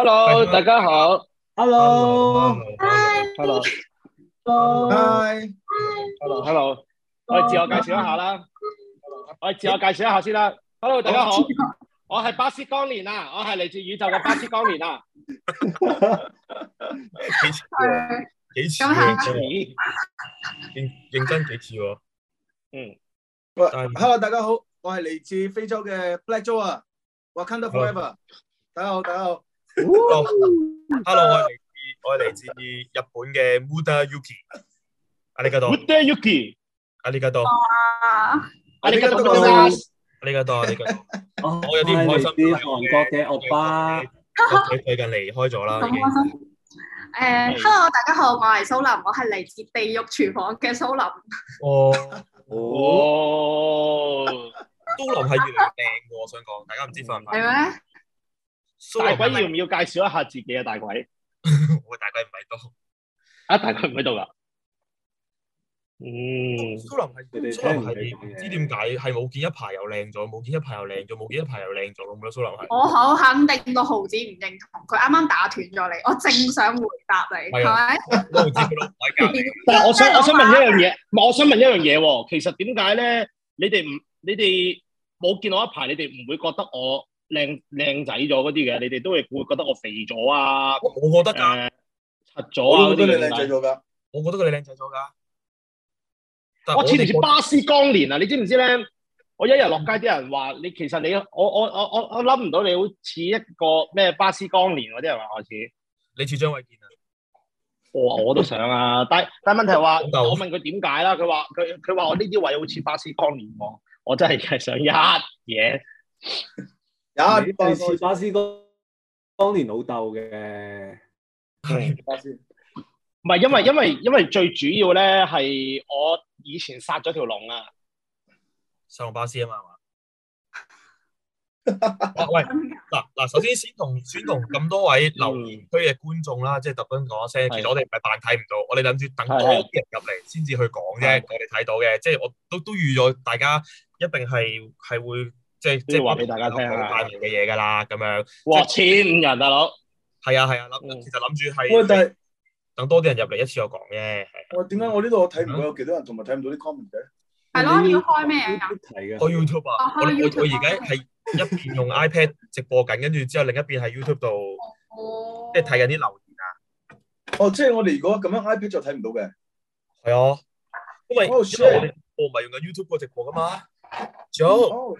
Hello，大家好。Hello，Hi，Hello，Hi，Hi，Hello，Hello，我自我介紹一下啦。我自我介紹一下先啦。Hello，大家好，我係巴斯光年啊，我係嚟自宇宙嘅巴斯光年啊。幾似？幾似？認認真幾似？嗯。喂，Hello，大家好，我係嚟自非洲嘅 Black Joe 啊，Wakanda Forever。大家好，大家好。Hello，我係嚟自我係嚟自日本嘅 Muda Yuki，阿你喺度。Muda Yuki，阿你喺度，啊，阿你喺度啊，你喺度，我有啲唔開心。韓國嘅歐巴最近離開咗啦。誒，Hello，大家好，我係蘇林，我係嚟自地獄廚房嘅蘇林。哦，哦，蘇林係越嚟越靚，我想講，大家唔知份係咩？大鬼要唔要介紹一下自己啊？大鬼，我大鬼唔喺度。啊，大鬼唔喺度噶。嗯，蘇林係蘇林係你哋唔知點解，係冇見一排又靚咗，冇見一排又靚咗，冇見一排又靚咗咁咯。蘇林係我好肯定，六毫子唔認同佢啱啱打斷咗你，我正想回答你，係咪？六毫子佢咯，我教你。但係我想，我想問一樣嘢，我想問一樣嘢喎。其實點解咧？你哋唔，你哋冇見我一排，你哋唔會覺得我。靚靚仔咗嗰啲嘅，你哋都會覺得我肥咗啊？我唔覺得啊，柒咗啊，嗰啲靚仔咗噶，我覺得佢哋靚仔咗噶。我似唔似巴斯光年啊？你知唔知咧？我一日落街啲人話你，其實你我我我我諗唔到你好似一個咩巴斯光年，嗰啲人話我似。你似張衛健啊？我、哦、我都想啊，但但問題話我，很我問佢點解啦？佢話佢佢話我呢啲位好似巴斯光年我，我真係想一嘢。 啊！第二次巴斯哥當年老豆嘅巴斯，唔係是 因為因為因為最主要咧係我以前殺咗條龍啊！殺龍巴斯啊嘛！係嘛！ 啊喂嗱嗱、啊啊，首先先同先同咁多位留言區嘅觀眾啦，嗯、即係特登講一聲，是其實我哋唔係扮睇唔到，我哋諗住等多啲人入嚟先至去講啫的的，我哋睇到嘅，即係我都都預咗大家一定係係會。即係即係話俾大家聽係大群嘅嘢噶啦，咁樣哇，千五人大佬，係啊係啊諗，其實諗住係等多啲人入嚟一次又講嘅。我點解我呢度我睇唔到有幾多人，同埋睇唔到啲 comment 嘅？係咯，要開咩啊？開 YouTube 啊！我我我而家係一邊用 iPad 直播緊，跟住之後另一邊喺 YouTube 度，即係睇緊啲留言啊。哦，即係我哋如果咁樣 iPad 就睇唔到嘅，係啊，因為我唔係用緊 YouTube 直播噶嘛，仲。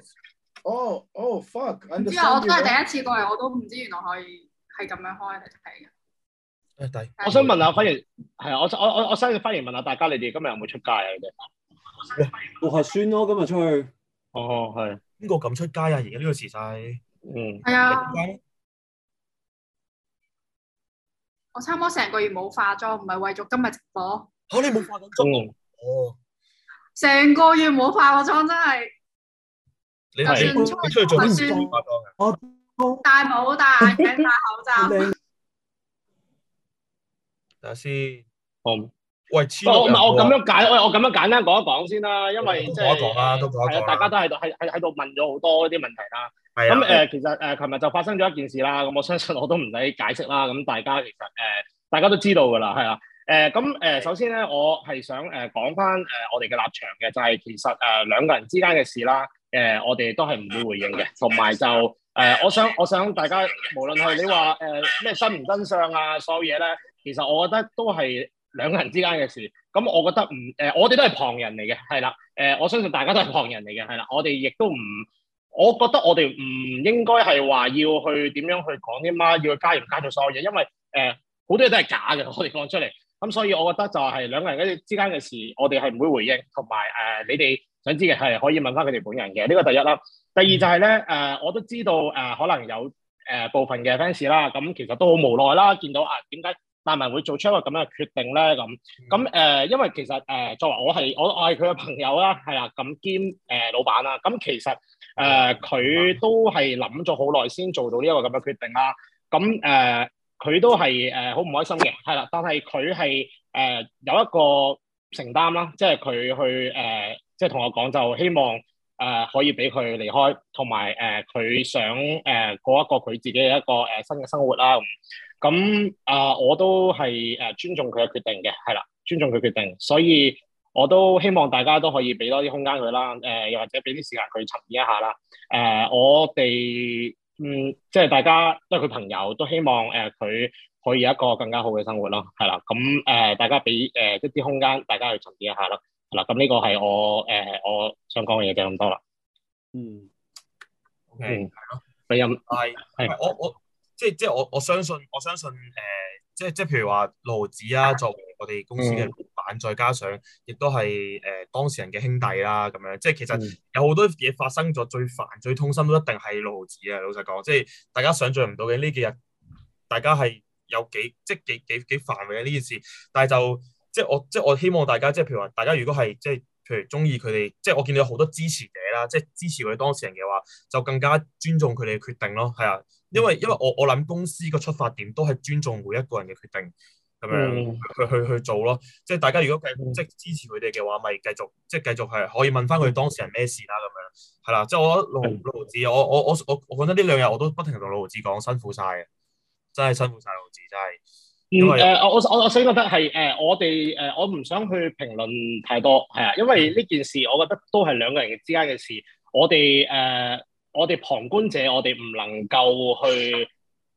哦哦、oh, oh, fuck！唔知啊，我都係第一次過嚟，我都唔知原來可以係咁樣開嚟睇嘅。我想問下反而，係啊，我我我我想反而問下大家，你哋今日有冇出街啊？我核酸咯，今日出去。哦，係邊個咁出街啊？而家呢個時勢。嗯。係啊。我差唔多成個月冇化妝，唔係為咗今日直播。哦，你冇化緊妝哦。成個月冇化過妝，真係。就你算出嚟做，就算花我戴帽、戴眼鏡、戴口罩。等下先，好喂，好，我咁樣解，我我咁樣簡單講一講先啦，因為即係都講啦，都講，大家都喺度喺喺喺度問咗好多啲問題啦。係咁誒，其實誒，琴日就發生咗一件事啦。咁我相信我都唔使解釋啦。咁大家其實誒，大家都知道㗎啦，係啦。誒咁誒，首先咧，我係想誒、呃、講翻誒、呃、我哋嘅立場嘅，就係、是、其實誒、呃、兩個人之間嘅事啦。誒、呃、我哋都係唔會回應嘅，同埋就誒、呃，我想我想大家無論係你話誒咩真唔真相啊，所有嘢咧，其實我覺得都係兩個人之間嘅事。咁、嗯、我覺得唔誒、呃，我哋都係旁人嚟嘅，係啦。誒、呃、我相信大家都係旁人嚟嘅，係啦。我哋亦都唔，我覺得我哋唔應該係話要去點樣去講啲乜，要去加入加到所有嘢，因為誒好、呃呃、多嘢都係假嘅，我哋講出嚟。咁、嗯、所以我覺得就係兩個人之間嘅事，我哋係唔會回應，同埋誒你哋想知嘅係可以問翻佢哋本人嘅，呢個第一啦。第二就係咧誒，我都知道誒、呃，可能有誒、呃、部分嘅 fans 啦，咁、啊、其實都好無奈啦、啊，見到啊點解亞文會做出一個咁樣嘅決定咧？咁咁誒，因為其實誒、呃、作為我係我我係佢嘅朋友啦，係啊，咁兼誒、呃、老闆啦，咁、啊、其實誒佢、呃、都係諗咗好耐先做到呢一個咁嘅決定啦。咁、啊、誒。啊呃佢都係誒好唔開心嘅，係啦，但係佢係誒有一個承擔啦，即係佢去誒、呃，即係同我講就希望誒、呃、可以俾佢離開，同埋誒佢想誒、呃、過一個佢自己嘅一個誒、呃、新嘅生活啦。咁、嗯、啊、呃，我都係誒尊重佢嘅決定嘅，係啦，尊重佢決定，所以我都希望大家都可以俾多啲空間佢啦，誒、呃、又或者俾啲時間佢沉澱一下啦。誒、呃，我哋。嗯，即係大家，即係佢朋友都希望誒，佢、呃、可以有一個更加好嘅生活咯，係啦。咁、嗯、誒，大家俾誒一啲空間，大家去沉澱一下啦。嗱、嗯、咁、這、呢個係我誒、呃，我想講嘅嘢就咁多啦。Okay, 嗯。係咯的。李任係係我我即係即係我我相信我相信誒。呃即係即係，譬如話盧子啊，作為我哋公司嘅老闆，再加上亦都係誒、呃、當事人嘅兄弟啦、啊，咁樣。即係其實有好多嘢發生咗，最煩最痛心都一定係盧子啊。老實講，即係大家想像唔到嘅呢幾日，大家係有幾即係幾幾幾煩嘅呢件事。但係就即係我即係我希望大家即係譬如話，大家如果係即係譬如中意佢哋，即係我見到有好多支持者啦，即係支持佢哋當事人嘅話，就更加尊重佢哋嘅決定咯。係啊。因為因為我我諗公司個出發點都係尊重每一個人嘅決定，咁樣、嗯、去去去做咯。即係大家如果繼續即支持佢哋嘅話，咪繼續即係繼續係可以問翻佢哋當事人咩事啦。咁樣係啦。即係我覺得老老子，我我我我我覺得呢兩日我都不停同老子講，辛苦晒，嘅，真係辛苦晒老子，真係。因為嗯誒、呃，我我我想覺得係誒、呃，我哋誒、呃、我唔想去評論太多係啊，因為呢件事我覺得都係兩個人之間嘅事，我哋誒。呃我哋旁觀者，我哋唔能夠去誒、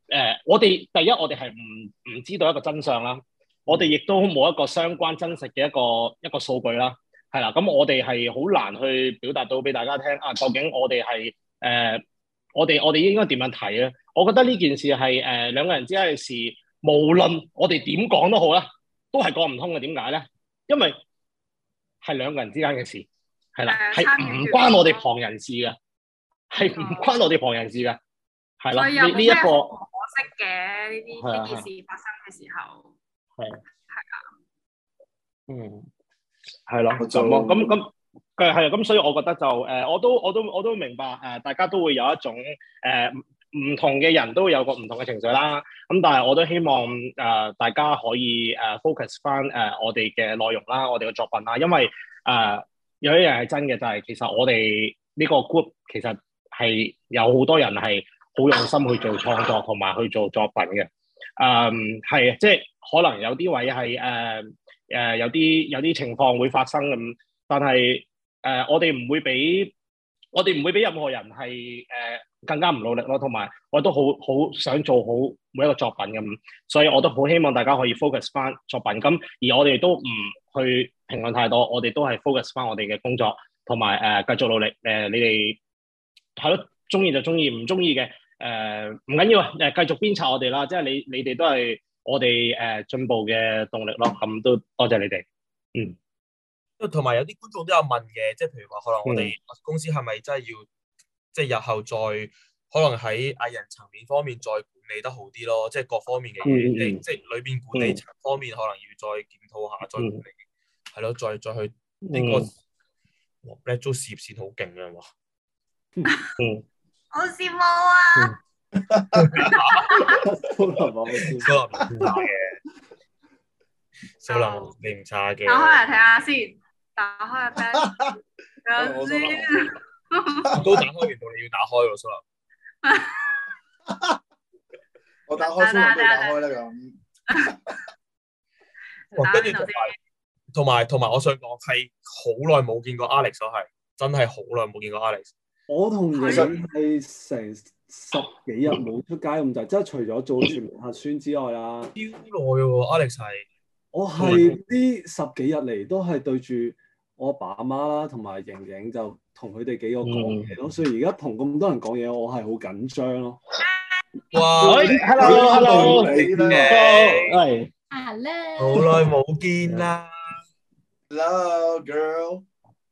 呃。我哋第一，我哋係唔唔知道一個真相啦。我哋亦都冇一個相關真實嘅一個一個數據啦。係啦，咁我哋係好難去表達到俾大家聽啊。究竟我哋係誒，我哋我哋應該點樣睇咧？我覺得呢件事係誒、呃、兩個人之間嘅事。無論我哋點講都好啦，都係講唔通嘅。點解咧？因為係兩個人之間嘅事，係啦，係唔關我哋旁人事嘅。係唔關我哋旁人事嘅，係啦。呢一個可惜嘅，呢啲呢件事發生嘅時候，係，係啊，嗯，係咯，咁咁，佢係啊，咁所以我覺得就誒，我都我都我都明白誒，大家都會有一種誒唔、呃、同嘅人都會有個唔同嘅情緒啦。咁但係我都希望誒、呃、大家可以誒 focus 返誒我哋嘅內容啦，我哋嘅作品啦，因為誒、呃、有啲嘢係真嘅，就係、是、其實我哋呢個 group 其實。係有好多人係好用心去做創作同埋去做作品嘅、嗯，誒係啊，即係可能有啲位係誒誒有啲有啲情況會發生咁，但係誒、呃、我哋唔會俾我哋唔會俾任何人係誒、呃、更加唔努力囉，同埋我都好好想做好每一個作品咁，所以我都好希望大家可以 focus 返作品咁，而我哋都唔去評論太多，我哋都係 focus 返我哋嘅工作同埋誒繼續努力誒、呃、你哋。係咯，中意、嗯、就中意，唔中意嘅，誒唔緊要，誒繼、呃、續鞭策我哋啦，即係你你哋都係我哋誒進步嘅動力咯，咁都多謝你哋。嗯。同埋有啲觀眾都有問嘅，即係譬如話可能我哋公司係咪真係要，即係日後再可能喺藝人層面方面再管理得好啲咯，即係各方面嘅、嗯嗯、管理，即係裏邊管理層方面可能要再檢討下，再管理，再係咯、嗯，再再去呢、這個這個。哇！叻足事業線好勁嘅哇！好羨慕啊！蘇霖， 林 你唔差嘅？打開嚟睇下先，打開嚟睇下，先。都 打開完到，你要打開喎，蘇霖啊 ！我打開先，我打開啦咁。跟住同埋同埋，同埋我想講係好耐冇見過 Alex，我係真係好耐冇見過 Alex。我同瑩瑩係成十幾日冇出街咁滯，即係除咗做全民核酸之外啦。好耐喎，Alex 係，我係呢十幾日嚟，都係對住我阿爸阿媽啦，同埋瑩瑩就同佢哋幾個講嘢，所以而家同咁多人講嘢，我係好緊張咯。哇，Hello，Hello，你好，係，Hello，好耐冇見啦，Hello，Girl。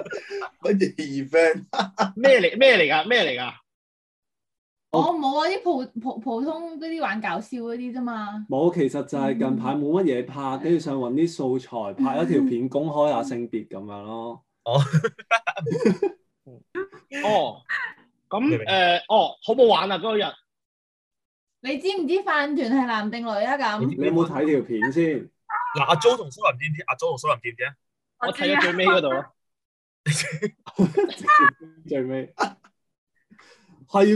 乜嘢 event 咩嚟咩嚟噶，咩嚟噶？我冇啊，啲普普普通嗰啲玩搞笑嗰啲啫嘛。冇，其實就係近排冇乜嘢拍，跟住想搵啲素材拍一條片公開下性別咁樣咯。哦，哦，咁誒、呃，哦，好冇玩啊！嗰個人？你知唔知飯團係男定女啊？咁你有冇睇條片先？嗱 道，阿 Joe 同蘇林見唔見？阿 Joe 同蘇林見唔見啊？我睇咗最尾嗰度。 最尾係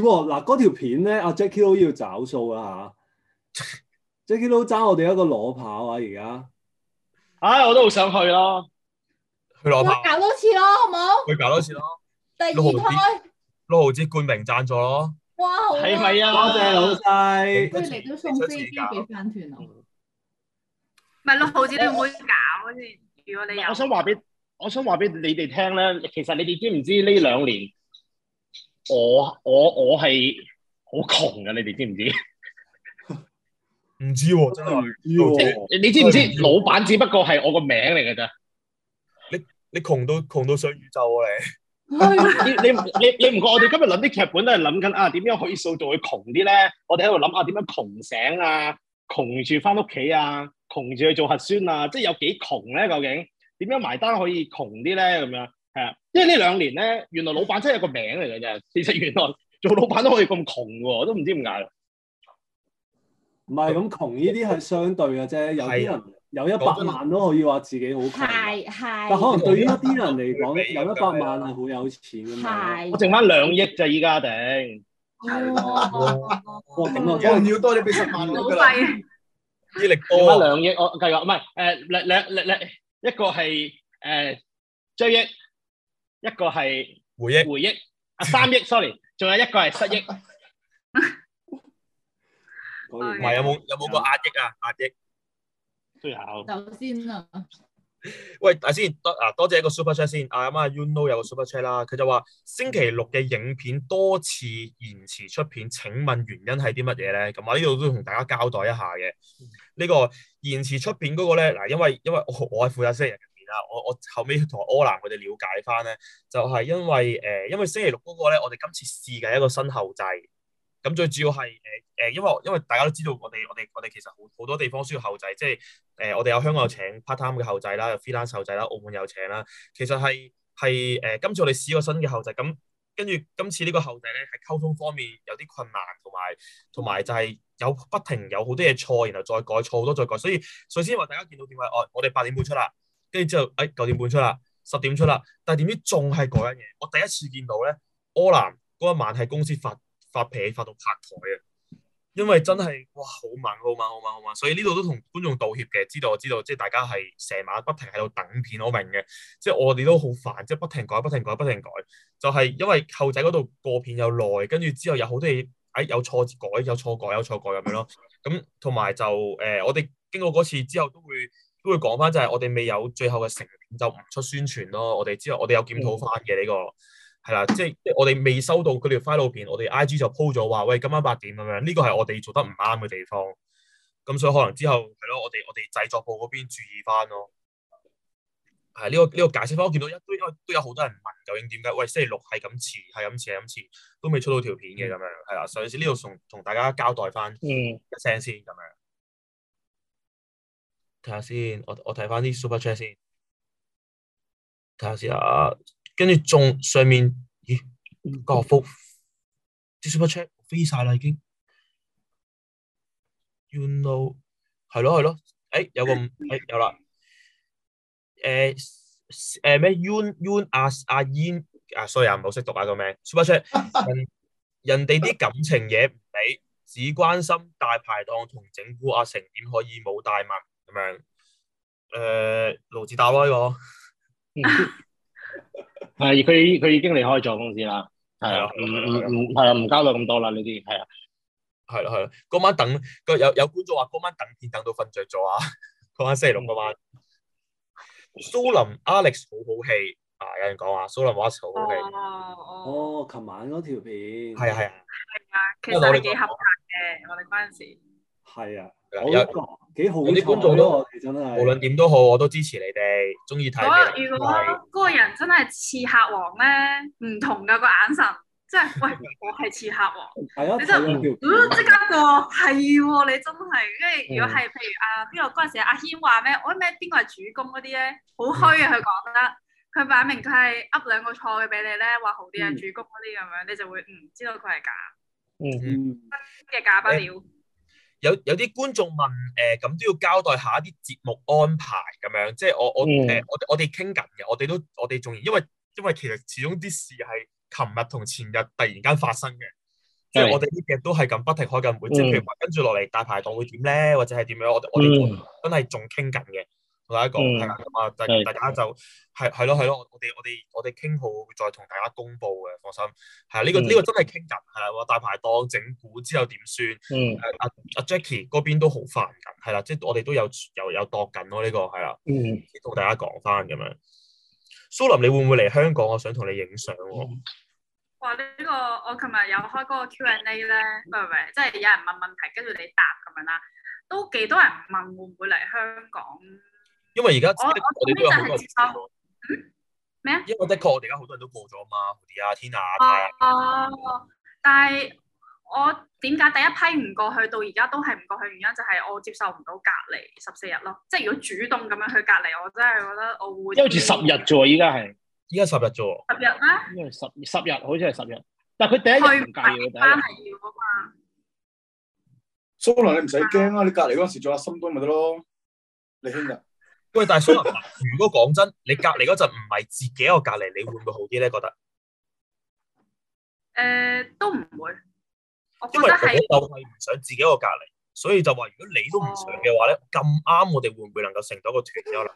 嗱，嗰 條片咧，阿 Jacky 都要找數啊吓，Jacky 都爭我哋一個裸跑啊，而家，唉、哎，我都好想去咯，去裸跑搞多次咯，好唔好？去搞多次咯，六毫子六毫子冠名贊助咯，哇，係咪啊？多謝，謝老細，跟住嚟都送飛鏢俾翻團樓，唔係六毫子你唔好搞先，如果你有我想話俾。我想話俾你哋聽咧，其實你哋知唔知呢兩年，我我我係好窮㗎，你哋知唔知？唔知喎，真係，你知唔知？老闆只不過係我個名嚟㗎啫。你你窮到窮到上宇宙啊！你 你你你唔覺我哋今日諗啲劇本都係諗緊啊？點樣可以塑造佢窮啲咧？我哋喺度諗啊，點樣窮醒啊？窮住翻屋企啊？窮住去做核酸啊？即係有幾窮咧？究竟？點樣埋單可以窮啲咧？咁樣係啊，因為呢兩年咧，原來老闆真係有個名嚟嘅啫。其實原來做老闆都可以咁窮喎，我都唔知點解。唔係咁窮，呢啲係相對嘅啫。有啲人有一百萬都可以話自己好窮，係係的。但可能對於一啲人嚟講，有一百萬係好有錢㗎嘛。的我剩翻兩億啫，依家定。哦，哦哦哇， 多了要多啲俾十萬老細。啲力是，多翻、哦、兩億，我繼續唔係誒兩兩一個係誒追憶，一個係回憶，回憶啊三億，sorry，仲有一個係失憶，唔係有冇有冇個壓抑啊壓抑，最後首先啊。喂，大先，多啊，多謝一個 super chat 先。阿阿 U No 有個 super chat 啦，佢就話星期六嘅影片多次延遲出片，請問原因係啲乜嘢咧？咁我呢度都同大家交代一下嘅。呢、這個延遲出片嗰個咧，嗱，因為因為，因為我我係負責星期日嘅片啦，我我，我後尾同柯南佢哋了解翻咧，就係、是、因為誒、呃，因為星期六嗰個咧，我哋今次試嘅一個新後製。咁最主要係誒誒，因、呃、為因為大家都知道我，我哋我哋我哋其實好好多地方需要後製。即係誒、呃、我哋有香港有請 part time 嘅後製啦，有 freelancer 後製啦，澳門有請啦。其實係係誒今次我哋試過新嘅後製。咁跟住今次呢個後製咧，喺溝通方面有啲困難，同埋同埋就係有不停有好多嘢錯，然後再改，錯好多再改。所以首先話大家見到點解我我哋八點半出啦，跟住之後誒九點半出啦，十點出啦，但係點知仲係改緊嘢。我第一次見到咧，柯南嗰一晚係公司發。發脾氣發到拍台啊！因為真係哇好猛，好猛，好猛，好猛，好猛，所以呢度都同觀眾道歉嘅。知道知道，即係大家係成晚不停喺度等片，我明嘅。即係我哋都好煩，即係不，不停改、不停改、不停改。就係、是、因為後仔嗰度過片又耐，跟住之後有好多嘢，哎，有錯改、有錯改、有錯改咁樣咯。咁同埋就誒、呃，我哋經過嗰次之後都，都會都會講翻，就係我哋未有最後嘅成片就唔出宣傳咯。我哋之後我哋有檢討翻嘅呢個。係啦，即即我哋未收到佢哋 file 片，我哋 I.G 就 po 咗話，喂，今晚八點咁樣，呢個係我哋做得唔啱嘅地方。咁所以可能之後係咯，我哋我哋製作部嗰邊注意翻咯。係呢、呢個呢、呢個解釋翻，我見到一都都，都，都有好多人問究竟點解？喂，星期六係咁遲，係咁遲，係咁遲，都未出到條片嘅咁樣。係啦、嗯，上次呢度同大家交代翻一聲先咁樣。睇下先，我我睇翻啲 super chat 先。睇下先啊。跟住仲上面，咦？幅啲 s u Super Chat 飛晒啦，ーー已經。原來係咯係咯，誒、欸、有個誒、欸、有啦。誒誒咩？Yun Yun 阿阿煙阿衰人唔好識讀啊、個名。Super Chat 人人哋啲感情嘢唔理，只關心大排檔同整蠱阿成點可以冇大物咁樣。誒、呃、盧子打咯呢、呢個。 係，佢佢已經離開咗公司啦。係啊，唔唔唔，係啊，唔交代咁多啦呢啲。係啊，係啦係啦，嗰晚等個有有觀眾話嗰晚等片等到瞓着咗啊。嗰晚星期六嗰晚，蘇林 Alex 好好戲啊！有人講話蘇林 Alex 好好戲。哦哦。琴晚嗰條片。係係啊。係啊，其實你幾合格嘅，我哋嗰陣時。係啊。有個幾好，啲觀眾都無論點都好，我都支持你哋，中意睇嘅。如果嗰個人真係刺客王咧，唔同㗎個眼神，即係喂，我係刺客王。係啊、嗯哦，你真係，啊、嗯，即刻就話係喎，你真係。跟住如果係譬如啊，邊個嗰陣時阿軒話咩？我咩邊個係主公嗰啲咧？好虛啊，佢講得，佢擺明佢係噏兩個錯嘅俾你咧，話好啲啊，嗯、主公嗰啲咁樣，你就會唔、嗯、知道佢係假。嗯真嘅假，假不了。有有啲觀眾問誒，咁、呃、都要交代下一啲節目安排咁樣，即係我我誒我我哋傾緊嘅，我哋、嗯呃、都我哋仲因為因為其實始終啲事係琴日同前日突然間發生嘅，的即係我哋呢幾日都係咁不停開緊會，嗯、即譬如話跟住落嚟大排檔會點咧？或者係點樣，我我哋真係仲傾緊嘅。嗯同大家講係啦，咁啊、嗯，大大家就係係咯係咯，我哋我哋我哋傾好再同大家公布嘅，放心。係啊，呢個呢個真係傾緊，係啦、嗯 uh,，我大排檔整蠱之後點算？嗯，阿阿 Jacky 嗰邊都好煩緊，係啦，即係我哋都有有有，有度緊咯，呢、這個係啊。嗯，同大家講翻咁樣。蘇霖，你會唔會嚟香港？我想同你影相。哇！呢、這個我琴日有開嗰個 Q&A 咧，咪咪，即係有人問問題，跟住你答咁樣啦，都幾多人問會唔會嚟香港？因為而家我哋都有好多人接受咩啊？因為的確我哋而家好多人都過咗嘛，好似阿天啊、哦，但係我點解第一批唔過去到而家都係唔過去？過去原因就係、是、我接受唔到隔離十四日咯。即係如果主動咁樣去隔離，我真係覺得我會好似十日啫喎，依家係依家十日啫喎，十日咩？因為十十日好似係十日，但係佢第一日唔介意，是是第一日蘇霖你唔使驚啊！你隔離嗰時做下心都咪得咯，你聽日。喂，但係蘇霖，如果講真，你隔離嗰陣唔係自己一個隔離，你會唔會好啲咧？覺得？誒，都唔會，因為我就係唔想自己一個隔離，所以就話如果你都唔想嘅話咧，咁啱我哋會唔會能夠成到個團友啦？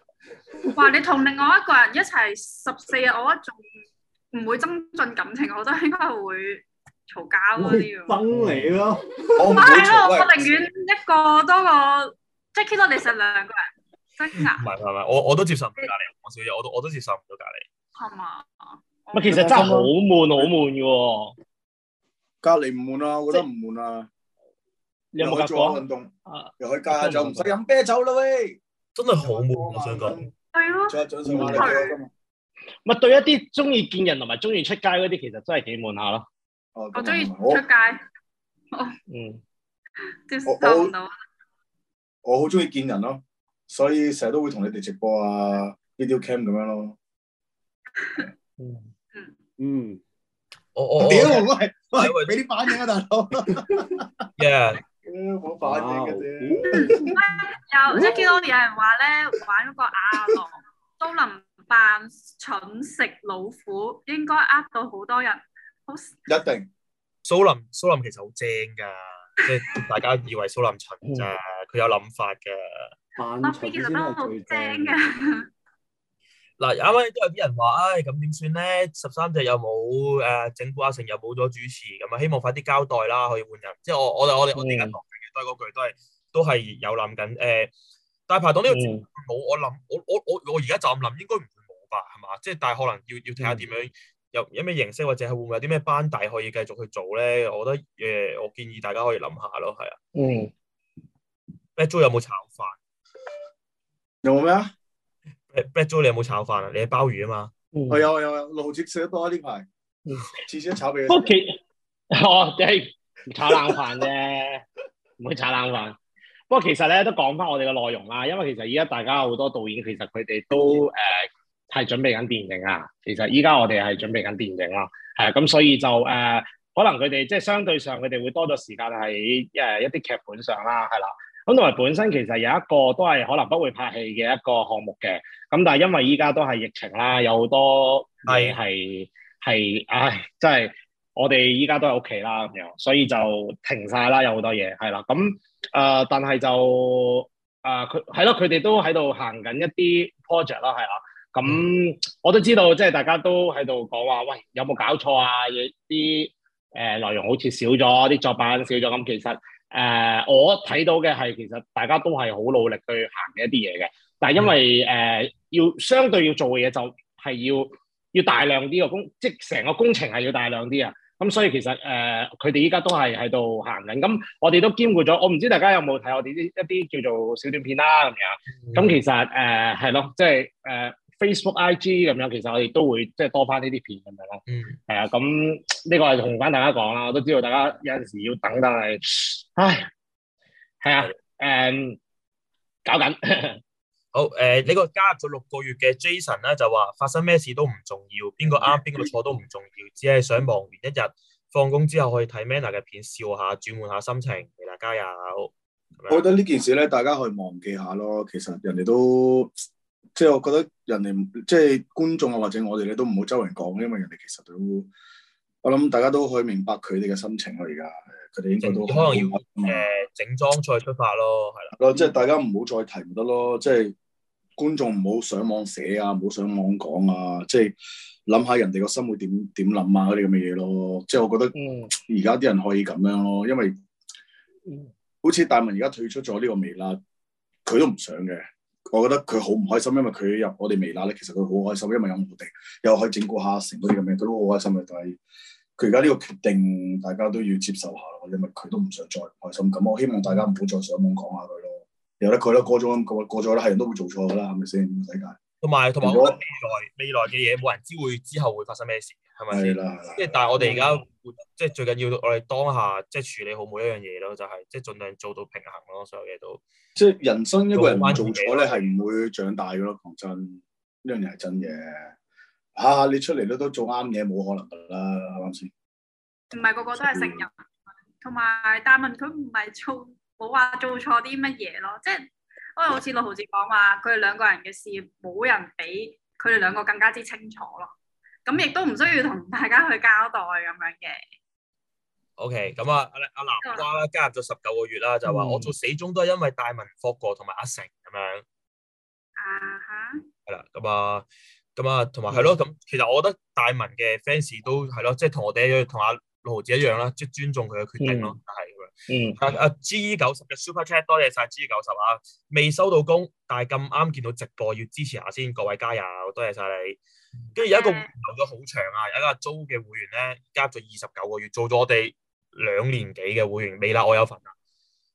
哇！你同另外一個人一齊十四日，我覺得仲唔會增進感情，我覺得應該係會嘈交咯，呢個分你咯，我唔會嘈交，我寧願一個多個即係多啲成兩個人。唔係唔係，我我都接受唔到隔離，我少嘢，我都我都接受唔到隔離。係嘛？咪其實真係好悶，好悶嘅。隔離唔悶啊，我覺得唔悶啊。你有冇做下運動？又可以隔下酒，唔使飲啤酒啦喂。真係好悶，我想講。對咯。唔去。咪對一啲中意見人同埋中意出街嗰啲，其實真係幾悶下咯。我中意出街。我嗯。我我好中意見人咯。所以成日都會同你哋直播啊呢啲 cam 咁樣咯。嗯嗯，嗯哦哦、我我屌我都係，我係俾啲反應啊，大佬。yeah，冇反應嘅啫。有即係見到有人話咧，玩嗰個阿羅蘇林扮蠢食老虎，應該呃到好多人。好一定。蘇林蘇林其實好正㗎，即係大家以為蘇林蠢咋，佢有諗法㗎。百好正啊！嗱，啱啱都有啲人話，唉、呃，咁點算咧？十三隻有冇誒，整蠱阿成又冇咗主持，咁啊，希望快啲交代啦，可以換人。即係我，我哋，我哋，我哋，解講嘅都係嗰句，都係都係有諗緊誒。大、呃、排檔呢個冇、嗯，我諗，我我我我而家就咁諗，應該唔會冇吧？係嘛？即係但係可能要要睇下點樣，嗯、有一咩形式或者係會唔會有啲咩班底可以繼續去做咧？我覺得誒、呃，我建議大家可以諗下咯，係啊。嗯。Betu 有冇炒飯？有咩啊 Black Joe 你有冇炒飯啊？你係鮑魚啊嘛？我有有有，滷煮食得多啲排，次次都炒俾、okay. oh, 你。不過其炒冷飯啫，唔會 炒冷飯。不過其實咧都講翻我哋嘅內容啦，因為其實而家大家好多導演其實佢哋都誒係準備緊電影啊。其實依家我哋係準備緊電影咯，係啊。咁所以就誒、呃、可能佢哋即係相對上佢哋會多咗時間喺誒一啲劇本上啦，係啦。本來本身其實有一個都係可能不會拍戲嘅一個項目嘅，咁但係因為依家都係疫情啦，有好多嘢係係唉，真係我哋依家都喺屋企啦咁樣，所以就停晒啦，有好多嘢係啦。咁誒、呃，但係就誒佢係咯，佢、呃、哋都喺度行緊一啲 project 啦，係啦。咁、嗯、我都知道，即、就、係、是、大家都喺度講話，喂，有冇搞錯啊？啲誒內容好似少咗，啲作品少咗咁，其實。誒，uh, 我睇到嘅係其實大家都係好努力去行嘅一啲嘢嘅，但係因為誒、嗯呃、要相對要做嘅嘢就係要要大量啲個工，即係成個工程係要大量啲啊，咁所以其實誒佢哋依家都係喺度行緊，咁我哋都兼顧咗，我唔知大家有冇睇我哋啲一啲叫做小短片啦、啊、咁樣，咁、嗯、其實誒係、呃、咯，即係誒。呃 Facebook、IG 咁樣，其實我哋都會即係多翻呢啲片咁樣咯。係、嗯、啊，咁呢個係同翻大家講啦。我都知道大家有陣時要等，但係唉，係啊，誒、嗯，搞緊。好誒，呢、呃、個加入咗六個月嘅 Jason 咧，就話發生咩事都唔重要，邊個啱邊個錯都唔重要，只係想忙完一日放工之後可以睇 Manner 嘅片笑下，轉換下心情嚟啦，加油！我覺得呢件事咧，大家可以忘記下咯。其實人哋都～即係我覺得人哋即係觀眾啊，或者我哋你都唔好周圍講，因為人哋其實都，我諗大家都可以明白佢哋嘅心情咯。而家佢哋應該都可能要誒嘛整裝再出，出發咯，係啦。嗱、嗯，即係大家唔好再提得咯，即係觀眾唔好上網寫啊，唔好上網講啊，即係諗下人哋個心會點點諗啊，嗰啲咁嘅嘢咯。即係我覺得而家啲人可以咁樣咯，因為、嗯、好似大文而家退出咗呢個微辣，佢都唔想嘅。我覺得佢好唔開心，因為佢入我哋微辣咧，其實佢好開心，因為有我哋，又可以整蠱下成嗰啲咁樣，佢都好開心嘅。但係佢而家呢個決定，大家都要接受下咯。因為佢都唔想再唔開心咁，我希望大家唔好再上網講下佢咯。由得佢啦，過咗過過咗啦，係人都會做錯㗎啦，係咪先？世界有。同埋同埋，我覺得未來未來嘅嘢冇人知會，之後會發生咩事。係咪先？即係，但係我哋而家即係最緊要，我哋當下即係、就是、處理好每一樣嘢咯，就係即係盡量做到平衡咯，所有嘢都。即係人生，一個人做錯咧，係唔會長大噶咯。講的真，呢樣嘢係真嘅。吓，你出嚟咧都做啱嘢，冇可能噶啦。啱先，唔係個個都係聖人。同埋的，但文佢唔係做，冇話做錯啲乜嘢咯。即、就、係、是，因為好似六毫子講話，佢哋兩個人嘅事，冇人比佢哋兩個更加之清楚咯。咁亦都唔需要同大家去交代咁樣嘅。O K，咁啊，阿阿南瓜啦，加入咗十九個月啦，嗯、就話我做死忠都係因為大文服過同埋阿成咁樣。啊吓哈？係啦，咁啊，咁啊，同埋係咯，咁、嗯、其實我覺得大文嘅 fans 都係咯，即係同我哋一樣，同阿六毫子一樣啦，即係尊重佢嘅決定咯，係咁樣。嗯。啊的、嗯、G 九十嘅 Super Chat，多謝晒 G 九十啊！未收到工，但係咁啱見到直播要支持下先，各位加油！多謝晒你。跟住有一個留咗好長啊，有一個租嘅會員咧，加咗二十九個月，做咗我哋兩年幾嘅會員。微辣我有份啊，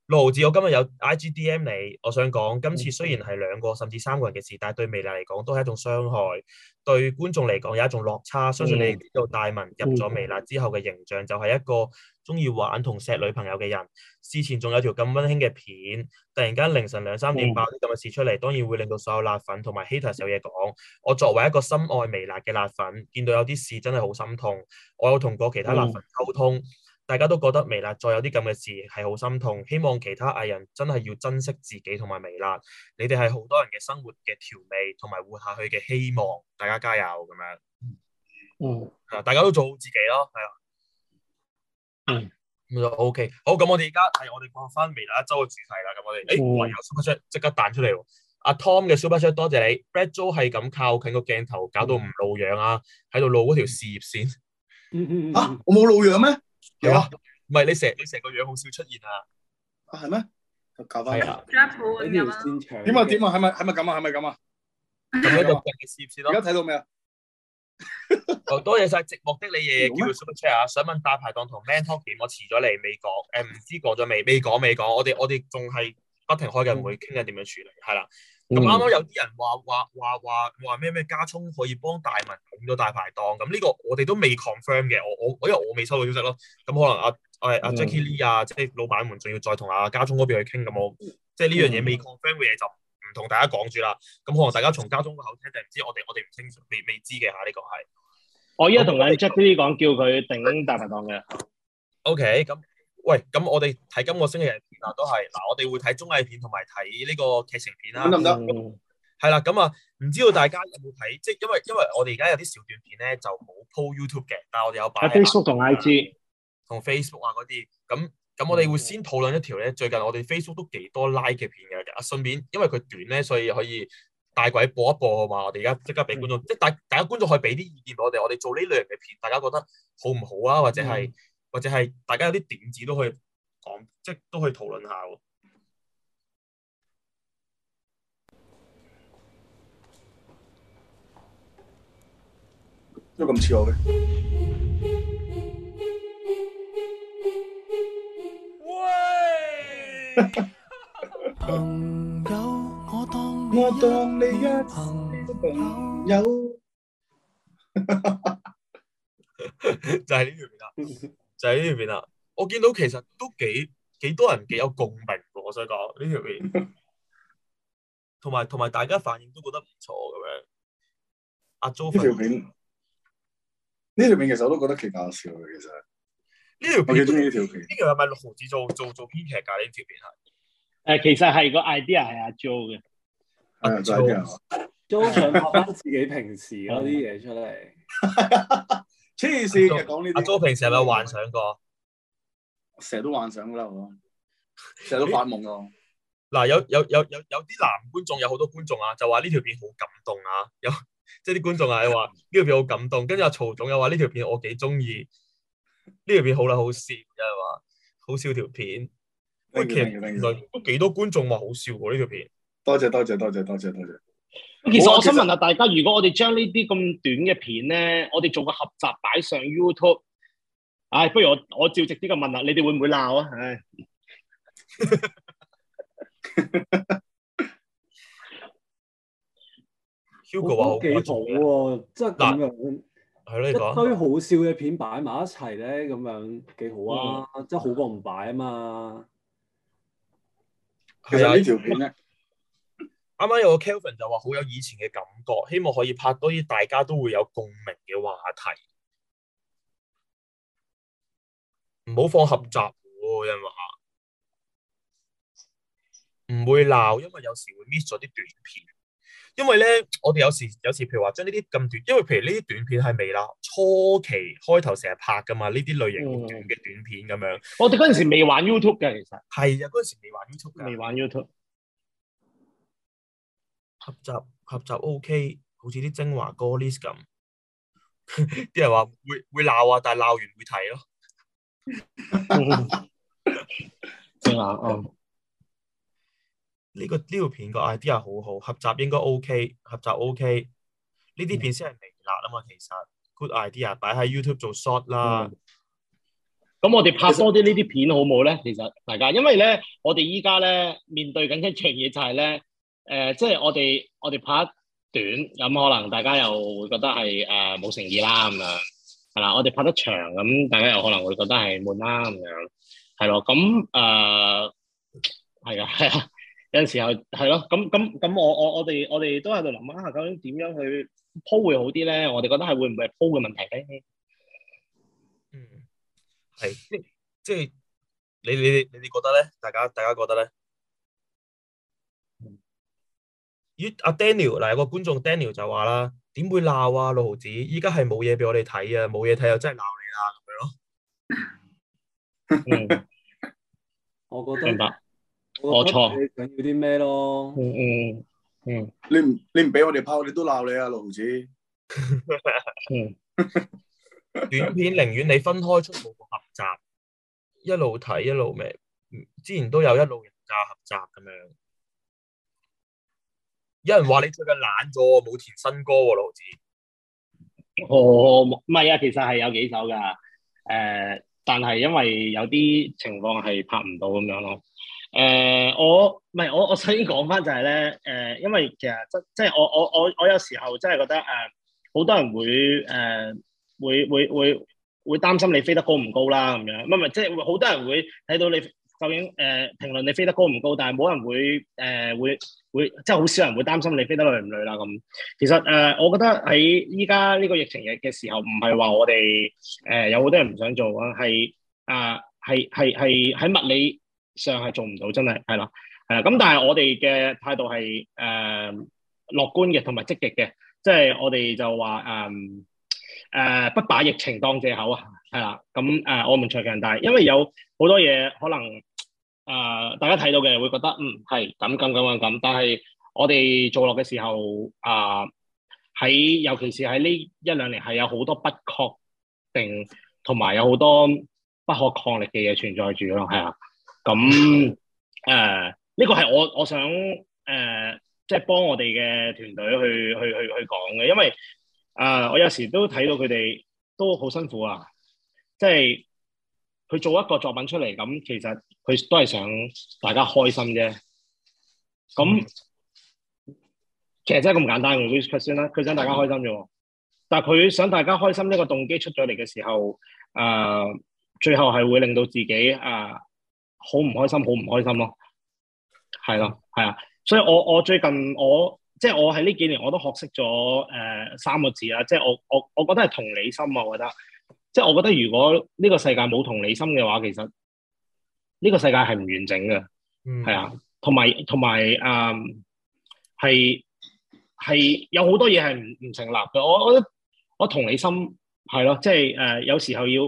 六毫子，我今日有 IGDM 你，我想講今次雖然係兩個甚至三個人嘅事，但係對微辣嚟講都係一種傷害，對觀眾嚟講有一種落差。相信你知道大文入咗微辣之後嘅形象就係一個。中意玩同錫女朋友嘅人，事前仲有條咁溫馨嘅片，突然間凌晨兩三點爆啲咁嘅事出嚟，當然會令到所有辣粉同埋 hater 有嘢講。我作為一個深愛微辣嘅辣粉，見到有啲事真係好心痛。我有同過其他辣粉溝通，大家都覺得微辣再有啲咁嘅事係好心痛。希望其他藝人真係要珍惜自己同埋微辣。你哋係好多人嘅生活嘅調味同埋活下去嘅希望，大家加油咁樣。嗯，大家都做好自己咯，係啊。嗯，咁就 OK。好，咁我哋而家係我哋講翻微辣一周嘅主題啦。咁我哋，誒、欸，又有 super chat 即刻彈出嚟。阿、啊、Tom 嘅 super chat，多謝你。Black Joe 係咁靠近個鏡頭，搞到唔露樣啊，喺度露嗰條事業線。嗯嗯嗯。嗯嗯嗯啊，我冇露樣咩？有、啊？嘛？唔係你成日成個樣好少出現啊？啊，係咩？搞翻入。點啊點啊，係咪係咪，咁啊係咪咁啊？咁、啊啊啊啊、 一個勁嘅事業線。而家睇到沒啊？ 小笑 多謝晒寂寞的你，夜夜叫佢 super chat 啊！ 想問大排檔同 man talk，我遲咗嚟，未講？誒、呃，唔知過咗未？未講，未講。我哋我哋仲係不停開緊會，傾緊點樣處理係啦。咁啱啱有啲人話話話話話咩咩家聰可以幫大民捧咗大排檔，咁呢個我哋都未 confirm 嘅。我我因為我未收到消息咯。咁可能阿、啊、誒阿、嗯啊啊、Jackie Lee 啊，即、就、係、是、老闆們仲要再同阿家聰嗰邊去傾。咁我即係呢樣嘢未 confirm 嘅嘢就。同大家講住啦，咁可能大家從家中個口聽就唔知，我哋我哋唔清楚未未知嘅嚇呢個係。我依家同阿 Jacky 講，叫佢定大排檔嘅。O K，咁喂，咁我哋睇今個星期日片啊都係嗱，我哋會睇綜藝片同埋睇呢個劇情片啦。得唔得？係啦那，咁啊、嗯，唔知道大家有冇睇？即係因為因為我哋而家有啲小短片咧，就冇 po YouTube 嘅，但係我哋有擺、啊、Facebook 同 I G 同 Facebook 啊嗰啲咁。啊。咁我哋會先討論一條咧，最近我哋 Facebook 都幾多 Like 嘅片嘅，啊，順便因為佢短咧，所以可以大鬼播一播啊嘛！我哋而家即刻俾觀眾，即係、嗯、大家大家觀眾可以俾啲意見我哋，我哋做呢類型嘅片，大家覺得好唔好啊？或者係、嗯、或者係大家有啲點子都可以講，即係都可以討論下喎。都咁似我嘅。朋友，我當我當你一朋友，就係呢條片啦，就係呢條片啦。我見到其實都幾幾多人幾有共鳴，我想講呢條片。同埋同埋大家反應都覺得唔錯咁樣。阿 Jo，呢條片呢條片其實我都覺得幾搞笑嘅，其實。呢條片我幾中意呢條片。呢條係咪六毫子做做做編劇噶呢條片係？誒，其實係個 idea 係阿 Jo 嘅，阿 JoJo 想拍翻，自己平時嗰啲嘢出嚟。黐 線講呢，阿 Jo 平時有冇幻想過？成日都幻想噶啦，我成日都發夢咯。嗱，有有有有有啲男觀眾，有好多觀眾啊，就話呢條片好感動啊，有即係啲觀眾啊，又話呢條片好感動，跟住阿曹總又話呢條片我幾中意。呢條片好啦，好笑，又係話好笑條片，其實原來都幾多觀眾話好笑喎，呢條片多。多謝多謝多謝多謝多謝。多謝多謝，其實，其實我想問下大家，如果我哋將呢啲咁短嘅片咧，我哋做個合集擺上 YouTube。唉、哎，不如我我照直啲咁問下，你哋會唔會鬧啊？唉，Hugo 話幾好，好，真係咁你講，一堆好笑嘅片擺埋一齊咧，咁樣幾好啊！即係、嗯、好過唔擺啊嘛。其實的呢條片咧，啱啱有個 Kelvin 就話好有以前嘅感覺，希望可以拍多啲大家都會有共鳴嘅話題。唔好放合集喎，因為唔會鬧，因為有時會 miss 咗啲短片。因為咧，我哋有時有時，譬如話將呢啲咁短，因為譬如呢啲短片係未啦，初期開頭成日拍噶嘛，呢啲類型嘅短片咁樣。我哋嗰陣時未玩 YouTube 嘅，嗯嗯、其實係啊，嗰陣時未玩 YouTube 未玩 YouTube，合集合集 OK，好似啲精華歌 list 咁，啲 人話會會鬧啊，但係鬧完會睇咯。精華啊！呢個呢條片個 idea 好好，合集應該 OK，合集 OK，呢啲片先係微辣啊嘛。其實 good idea 擺喺 YouTube 做 short 啦。咁、嗯、我哋拍多啲呢啲片好唔好咧？其實大家，因為咧我哋依家咧面對緊一場嘢就係咧，誒、呃，即係我哋我哋拍短，咁可能大家又會覺得係誒冇誠意啦咁樣，係啦，我哋拍得長，咁大家又可能會覺得係悶啦咁樣，係咯，咁誒，係、呃、啊，係啊。有時候係咯，咁咁咁，我我我哋我哋都喺度諗下究竟點樣去鋪、e、會好啲咧？我哋覺得係會唔會鋪嘅、e、問題咧？嗯，係，即係你你你你覺得咧？大家大家覺得咧？咦？阿、啊、Daniel 嗱、啊，有個觀眾 Daniel 就話啦：點會鬧啊？六毫子，依家係冇嘢俾我哋睇啊！冇嘢睇又真係鬧你啦咁樣咯。 我覺得明白。我錯，你緊要啲咩咯？嗯嗯嗯，你唔你唔俾我哋拍，我哋都鬧你啊！六毫子，嗯 短片寧願你分開出冇合集，一路睇一路咩？之前都有一路人揸合集咁樣，有人話你最近懶咗，冇填新歌喎、啊，六毫子。哦，唔係啊，其實係有幾首噶誒、呃，但係因為有啲情況係拍唔到咁樣咯。誒、呃、我唔係我我首先講翻就係咧誒，因為其實即即係我我我我有時候真係覺得誒，好、呃、多人會誒、呃、會會會會擔心你飛得高唔高啦咁樣，唔係唔係即係好多人會睇到你究竟誒評論你飛得高唔高，但係冇人會誒、呃、會會、會即係好少人會擔心你飛得累唔累啦咁。其實誒、呃，我覺得喺依家呢個疫情嘅時候，唔係話我哋誒、呃、有好多人唔想做啊，係啊係係係喺物理。上係做唔到，真係係啦，係啦。咁但係我哋嘅態度係誒樂觀嘅，同埋積極嘅。即係我哋就話誒誒不把疫情當借口啊。係啦，咁、嗯、誒、呃、我們長期人但係因為有好多嘢可能誒、呃、大家睇到嘅人會覺得嗯係咁咁咁咁咁，但係我哋做落嘅時候啊喺、呃、尤其是喺呢一兩年係有好多不確定同埋有好多不可抗力嘅嘢存在住咯，係啊。咁誒，呢、呃這個係我我想誒，即係幫我哋嘅團隊去去去去講嘅，因為啊、呃，我有時都睇到佢哋都好辛苦啊，即係佢做一個作品出嚟，咁其實佢都係想大家開心啫。咁、嗯、其實真係咁簡單嘅，佢先啦，佢想大家開心啫。但係佢想大家開心呢、這個動機出咗嚟嘅時候，誒、呃，最後係會令到自己啊～、呃好唔開心，好唔開心咯，係咯，係啊，所以我我最近我即係我喺呢幾年我都學識咗誒三個字啦，即係我我我覺得係同理心啊，我覺得，即係我覺得如果呢個世界冇同理心嘅話，其實呢個世界係唔完整嘅，嗯、係啊，同埋同埋誒係係有好多嘢係唔唔成立嘅，我覺得我同理心係咯，即係誒有時候要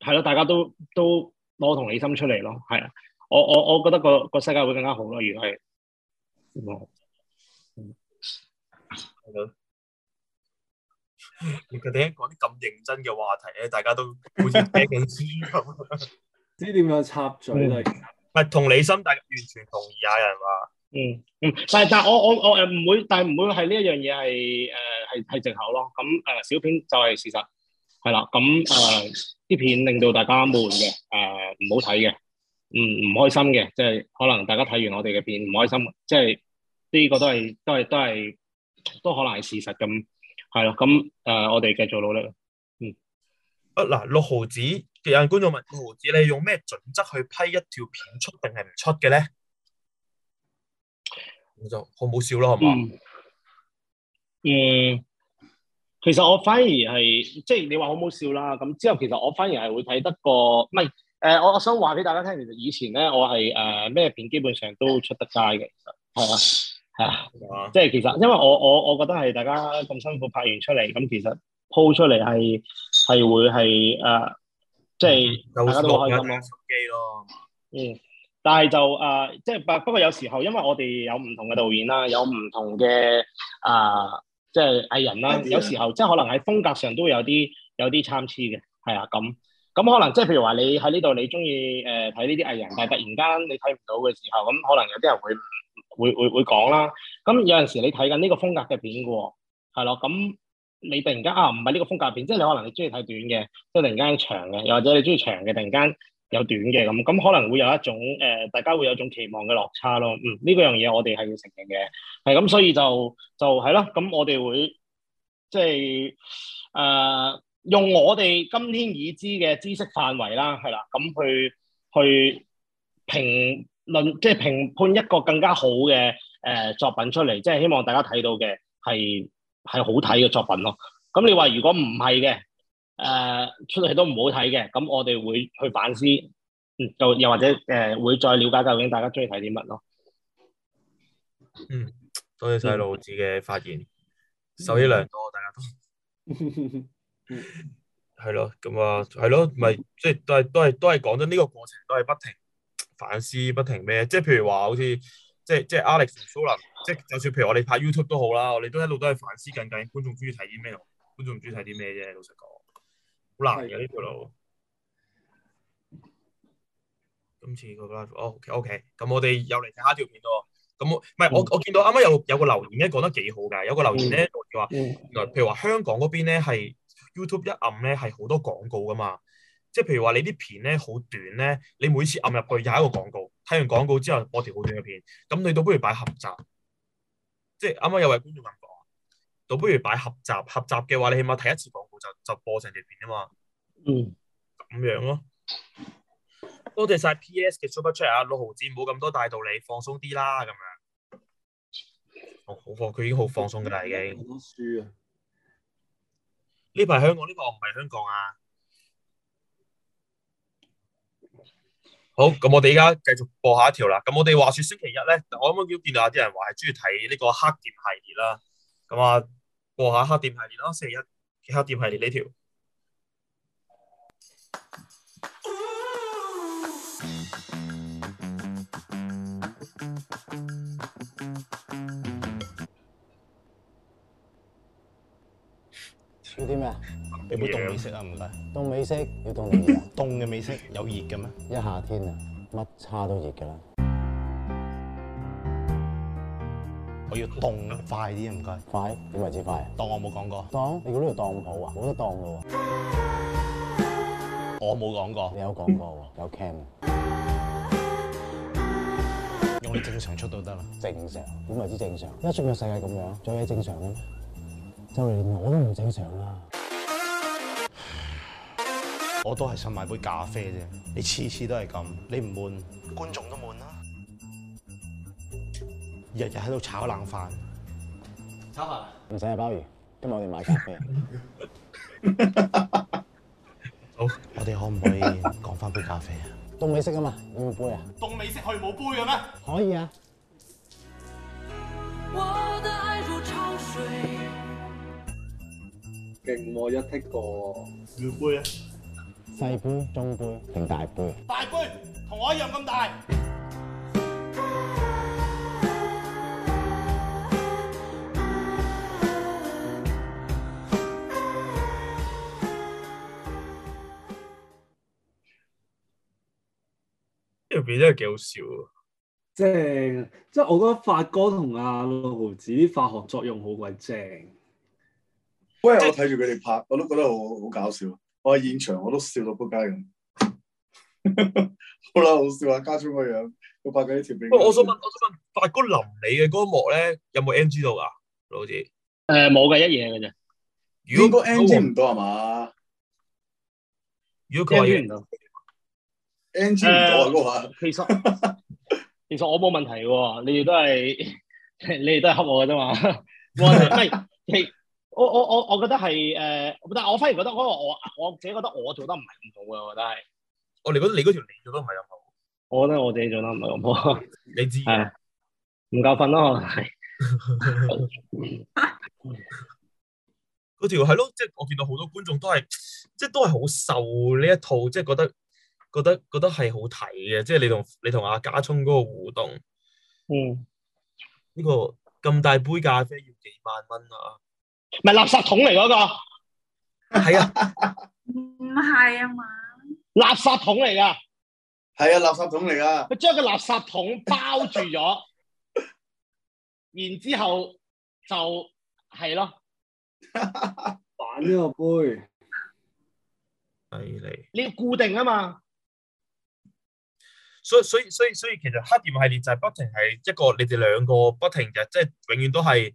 係咯，大家都都。多同理心出嚟咯，係啦，我我我覺得個個世界會更加好咯。如果係，嗯，係咯。佢哋喺講啲咁認真嘅話題咧，大家都好似睇緊書咁，知點樣插嘴？唔係同理心，大家完全同意阿仁話。嗯嗯，但係但係我我我誒唔會，但係唔會係呢一樣嘢係誒係係藉口咯。咁誒小片就係事實係啦。咁誒啲片令到大家悶嘅誒。唔好睇嘅，唔、嗯、唔開心嘅，即係可能大家睇完我哋嘅片唔開心，即係呢個都係都係都係都可能係事實咁，係咯，咁誒我哋繼續努力，嗯。啊嗱，六毫子有觀眾問六毫子，你用咩準則去批一條片出定係唔出嘅咧？我就好唔好笑咯，好嘛？嗯，其實我反而係即係你話好唔好笑啦。咁之後其實我反而係會睇得過唔誒、呃，我我想話俾大家聽，其實以前咧，我係誒咩片基本上都出得街嘅，其實係嘛，係啊，啊啊即係其實，因為我我我覺得係大家咁辛苦拍完出嚟，咁其實鋪出嚟係係會係誒、呃，即係、嗯、大家都開心咯，機咯，嗯，但係就誒、呃，即係不不過有時候，因為我哋有唔同嘅導演啦，有唔同嘅誒、呃，即係藝人啦，啊、有時候即係可能喺風格上都有啲有啲參差嘅，係啊，咁。咁可能即係譬如話，你喺呢度你中意誒睇呢啲藝人，但係突然間你睇唔到嘅時候，咁可能有啲人會會會會講啦。咁有陣時你睇緊呢個風格嘅片嘅喎，係咯。咁你突然間啊，唔係呢個風格片，即係你可能你中意睇短嘅，即係突然間長嘅，又或者你中意長嘅突然間有短嘅咁，咁可能會有一種誒、呃，大家會有一種期望嘅落差咯。嗯，呢、呢個樣嘢我哋係要承認嘅。係咁，所以就就係咯。咁我哋會即係誒。呃用我哋今天已知嘅知識範圍啦，係啦，咁去去評論即係評判一個更加好嘅誒、呃、作品出嚟，即、就、係、是、希望大家睇到嘅係係好睇嘅作品咯。咁、嗯、你話如果唔係嘅誒出嚟都唔好睇嘅，咁我哋會去反思，就又或者誒會再了解究竟大家中意睇啲乜咯。嗯，謝謝嗯多，多謝細路子嘅發言，受益良多，大家都。 係咯，咁啊，係咯，咪即係都係都係都係講緊，呢個過程都係不停反思，不停咩？即係譬如話，好似即係即係 Alex 同 Sulin，即係就算譬如我哋拍 YouTube 都好啦，我哋都一路都係反思緊緊觀眾中意睇啲咩，觀眾中意睇啲咩啫？老實講，好難嘅呢條路。今次個啦，哦，OK，OK，咁我哋又嚟睇下條片咯。咁我唔係我我見到啱啱有有個留言咧，講得幾好噶。有個留言咧，話，譬如話香港嗰邊咧係。YouTube 一按咧係好多廣告噶嘛，即係譬如話你啲片咧好短咧，你每次按入去又係一個廣告，睇完廣告之後播條好短嘅片，咁你倒不如擺合集，即係啱啱有位觀眾咁講，倒不如擺合集，合集嘅話你起碼睇一次廣告就就播成條片啊嘛。嗯，咁樣咯，啊。多謝晒 P.S. 嘅 Super Chat 啊，六毫子冇咁多大道理，放鬆啲啦咁樣。哦、好放、哦、佢已經好放鬆噶啦已經。好多書啊！呢排香港呢個唔係香港啊！好，咁我哋而家繼續播下一條啦。咁我哋話說星期一咧，我啱啱見到有啲人話係中意睇呢個黑店系列啦。咁啊，播下黑店系列囉。星期一黑店系列呢條。要啲咩啊？有冇凍美式啊？唔該，凍美式要凍定熱，凍嘅 美式有熱嘅咩？一夏天啊，乜叉都熱㗎啦！我要凍快啲啊，唔該。快點、啊，為之快，快啊！當我冇講過，當你嗰度當鋪啊，冇得當嘅喎。我冇講過，你有講過喎、啊， 有 cam。用你正常出都得啦、啊，正常點為之正常？一出面世界咁樣，做嘢正常嘅。就嚟我都唔正常啦，我都係想買杯咖啡啫。你次次都係咁，你唔悶，觀眾都悶啦。日日喺度炒冷飯，炒飯唔使阿鮑魚，今日我哋買咖啡。好，我哋可唔可以講翻杯咖啡啊？凍美式啊嘛，有冇杯啊？凍美式可以冇杯嘅咩？可以啊。勁喎，一剔過。小杯、細杯、中杯定大杯？大杯，同我一樣咁大。入邊真係幾好笑，正，即係即係我覺得發哥同阿六毫子啲化學作用好鬼正。喂，我睇住佢哋拍，我都覺得好好搞笑。我喺現場，我都笑到扑街咁。 好啦，好笑啊，家聰個樣，我拍緊呢條片。我想問，我想問，我想問，發哥淋你嘅嗰幕咧，有冇 NG 到噶？老子誒，冇嘅、呃，一嘢嘅啫。如果個 NG 唔到係嘛？NG 唔到 NG 唔到啊！嗰下、呃、個其實 其實我冇問題嘅，你哋都係你哋都係黑我嘅啫嘛。我哋唔我我我我覺得係誒，但係我反而覺得、嗰個我我自己覺得我做得唔係咁好啊，我覺得係我你覺得你嗰條你做得唔係咁好，我覺得我自己做得唔係咁好，你知唔夠、 嗯、分咯，係嗰條係咯，即係我見到好多觀眾都係即係都係好受呢一套，即係覺得覺得覺得係好睇嘅，即係你同你同阿加聰嗰個互動，嗯，呢、呢個咁大杯咖啡要幾萬蚊啊！唔係垃圾桶嚟嗰、嗰個，係 啊，唔係啊嘛，垃圾桶嚟噶，係啊，垃圾桶嚟噶，佢將個垃圾桶包住咗， 然之後就係咯，反 呢、呢個杯系列， 你要固定啊嘛所，所以所以所以所以其實黑店系列就係不停係一個你哋兩個不停嘅，即、就、係、是、永遠都係。就是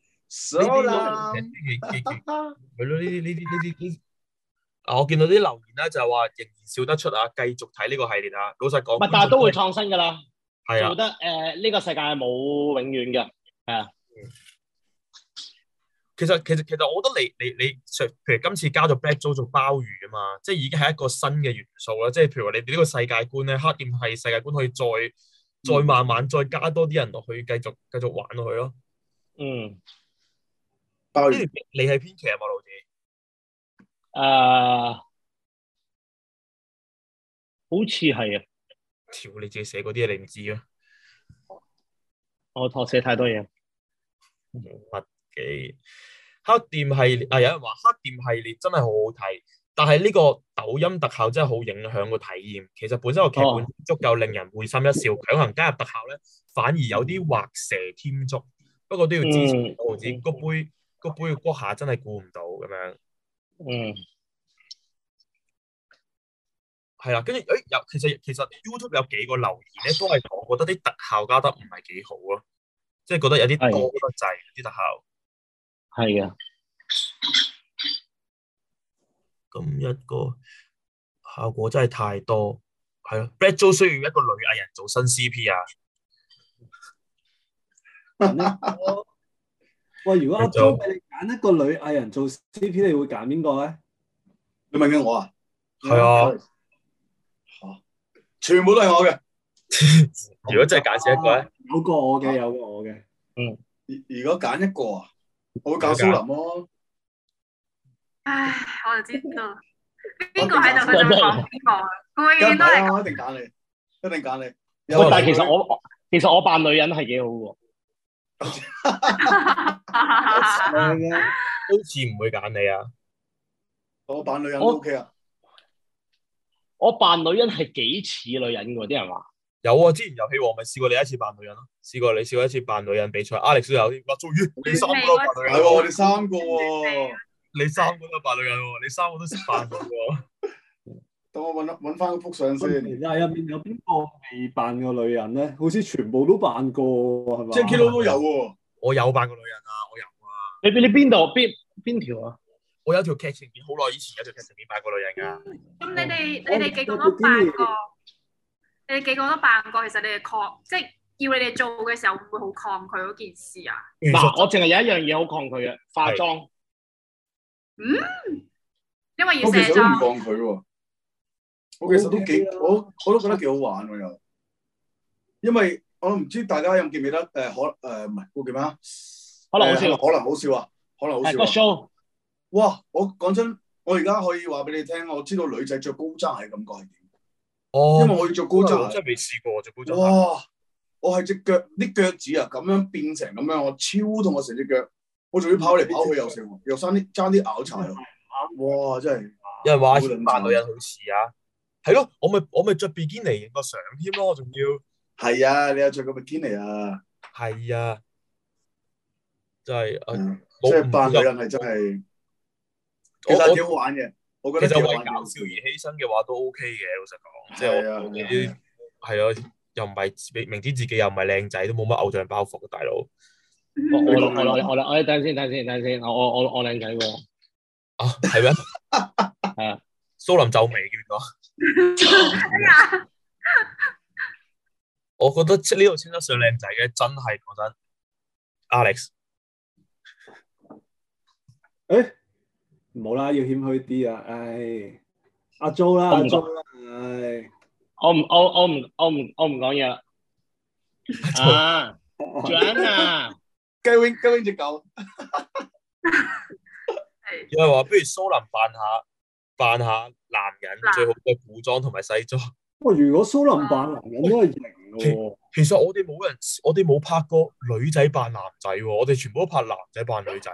所以係咯，呢啲呢啲呢啲啊，我見到啲留言咧，就係話仍然笑得出啊，繼續睇呢個系列啦。老實講，不但係都會創新噶啦。係啊，覺得誒呢、呃這個世界冇永遠嘅。係啊、嗯。其實其實其實我覺得你你你譬如，今次加咗 Black Joe 做鮑魚啊嘛，即係已經係一個新嘅元素啦。即係譬如話你哋呢個世界觀咧，黑店係世界觀可以再、嗯、再慢慢再加多啲人落去，繼續繼續玩落去咯。嗯。對你係編劇啊，嘛？老子啊，uh, 好似係啊。條你自己寫嗰啲嘢，你唔知啊。我託寫太多嘢，冇乜嘅。黑店系列啊，有人話黑店系列真係好好睇，但係呢個抖音特效真係好影響個體驗。其實本身個劇本足夠令人會心一笑，哦、強行加入特效咧，反而有啲畫蛇添足。不過都要支持老子個、嗯、杯。個背骨下，真係估唔到咁樣，嗯，係啦，跟住，誒，有其實其實 YouTube 有幾個留言咧，都係我覺得啲特效加得唔係幾好咯，嗯、即係覺得有啲多得滯啲特效，係啊的，咁一個效果真係太多，係咯 Black Joe 需要一個女藝人做新 CP 啊。嗯 喂，如果我做，俾你揀一個女藝人做 CP，你會揀邊個咧？你問緊我啊？係啊，全部都係我嘅。 如果真係揀一個咧，啊，有個我嘅，有個我嘅。嗯，如果揀一個啊，我會揀蘇林咯、啊。 唉，我就知道邊個喺度，佢想講邊個。我一定揀你，一定揀你。但係其實我，其實我扮女人係幾好嘅。 好似唔會揀你啊，我啊我！我扮女人 O K 啊！我扮女人係幾似女人喎，啲人話有啊！之前遊戲王咪試過你一次扮女人咯，試過你試過一次扮女人比賽，Alex 都有，終於你三個都扮女人，係喎，你三個喎，你三個都扮女人喎，你三個都識扮女等我搵搵翻幅相先。嗱、嗯，入面有邊個未扮過女人咧？好似全部都扮過，係嘛？Jacky Lou 都有喎、啊。我有扮過女人啊，我有啊。你邊？你邊度？邊邊條啊？條我有條劇情片，好耐以前有條劇情片扮過女人噶。咁、嗯、你哋你哋幾個都扮過？啊、你哋幾個都扮過？其實你哋抗，即係要你哋做嘅時候，會唔會好抗拒嗰件事啊？嗱不，我淨係有一樣嘢好抗拒嘅，化妝。是嗯，因為要卸妝。我其實都幾，我我都覺得幾好玩喎又，因為我唔知大家有冇記唔記得誒、呃、可誒唔係我記得可能好笑、呃、是是可能好笑啊？可能好笑啊？高踭哇！我講真，我而家可以話俾你聽，我知道女仔着高踭係感覺係點。哦，因為我要著高踭。我真係未試過着高踭。哇！我係隻腳啲腳趾啊，咁樣變成咁樣，我超痛！我成隻腳，我仲要跑嚟跑去又成，又爭啲爭啲拗柴。哇！真係，因為話兩萬女人好似啊～係咯，我咪我咪着比堅尼，影個相添咯，我仲要係啊！你有着個比堅尼啊？係啊，真係即係扮女人係真係其實幾好玩嘅。我覺得就為搞笑而犧牲嘅話都 OK 嘅，老實講，即係係咯，又唔係明知自己又唔係靚仔都冇乜偶像包袱嘅大佬。我我我我你等下先，等下先，等下先，我我我我靚仔喎。啊，係咩？係啊，蘇霖皺眉，見唔到。真啊！我覺得呢度稱得上靚仔嘅，真係嗰陣 Alex。誒，唔好啦，要謙虛啲啊！唉，阿 Jo 啦，阿 Jo 啦，唉，我唔，我我唔，我唔，我唔講嘢啦。啊，住安啊，雞翼，雞翼隻狗。又話不如蘇林扮下。扮下男人最好嘅古裝同埋西裝。哇！如果蘇林扮男人都係型嘅喎。其實我哋冇人，我哋冇拍過女仔扮男仔喎。我哋全部都拍男仔扮女仔。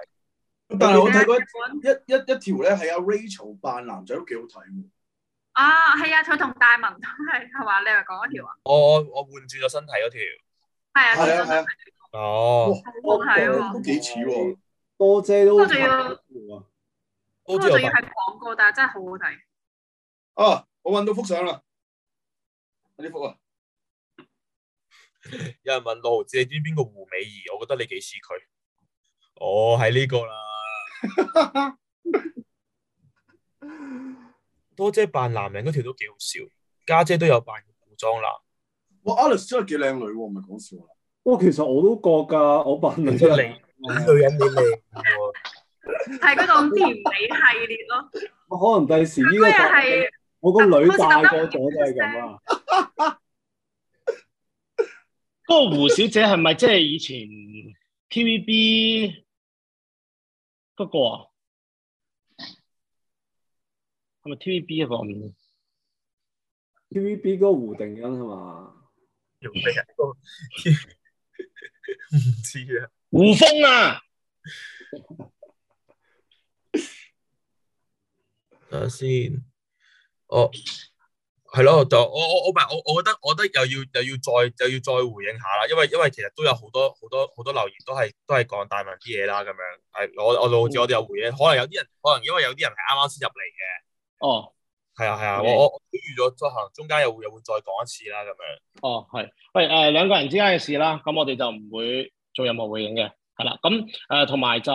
但係我睇過一本一一,一條咧，係阿 Rachel 扮男仔都幾好睇嘅。啊，係啊，佢同大文都係，係嘛？你係講一條，哦，一條啊？我我我換轉咗身體嗰條。係啊。啊哦。好睇喎。都幾似喎。啊、多謝都我。啊不過仲要係廣告，但係真係好好睇。哦、啊，我揾到幅相啦，呢幅啊！ 有人問盧子，知邊個胡美儀？我覺得你幾似佢。哦，係呢個啦。 多姐扮男人嗰條都幾好笑，家姐,姐都有扮古裝男。哇，Alice 真係幾靚女，唔係講笑啦。哇，其實我都覺噶，我扮女人， 女人點嚟？ 係嗰種甜美系列咯， 可能第時呢個係 我個女大個咗都係咁啊。嗰 個胡小姐係咪即係以前 TVB 嗰個啊，係咪 TVB 嘅、嗰個 TVB 嗰個胡定欣係嘛？胡定欣唔知啊，胡楓峰啊。 先、哦，我係咯，就我我我唔係我我覺得我覺得又要又要再又要再回應下啦，因為因為其實都有好多好多好多留言都係都係講大文啲嘢啦咁樣，係我我老字我哋有回應，可能有啲人可能因為有啲人係啱啱先入嚟嘅，哦，係啊係啊，我我預咗可能中間又會又會再講一次啦咁樣，哦係，喂誒兩個人之間嘅事啦，咁我哋就唔會做任何回應嘅，係啦，咁誒同埋就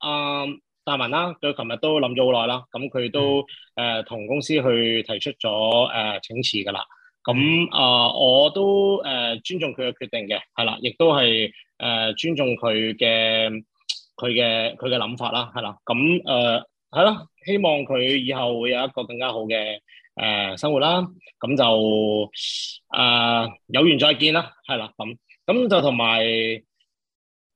嗯。大文啦，佢琴日都諗咗好耐啦，咁佢都誒同、呃、公司去提出咗誒、呃、請辭嘅啦。咁啊、呃，我都誒、呃、尊重佢嘅決定嘅，係啦，亦都係誒尊重佢嘅佢嘅佢嘅諗法啦，係啦。咁誒係咯，希望佢以後會有一個更加好嘅誒、呃、生活啦。咁就誒、呃、有緣再見啦，係啦。咁咁就同埋。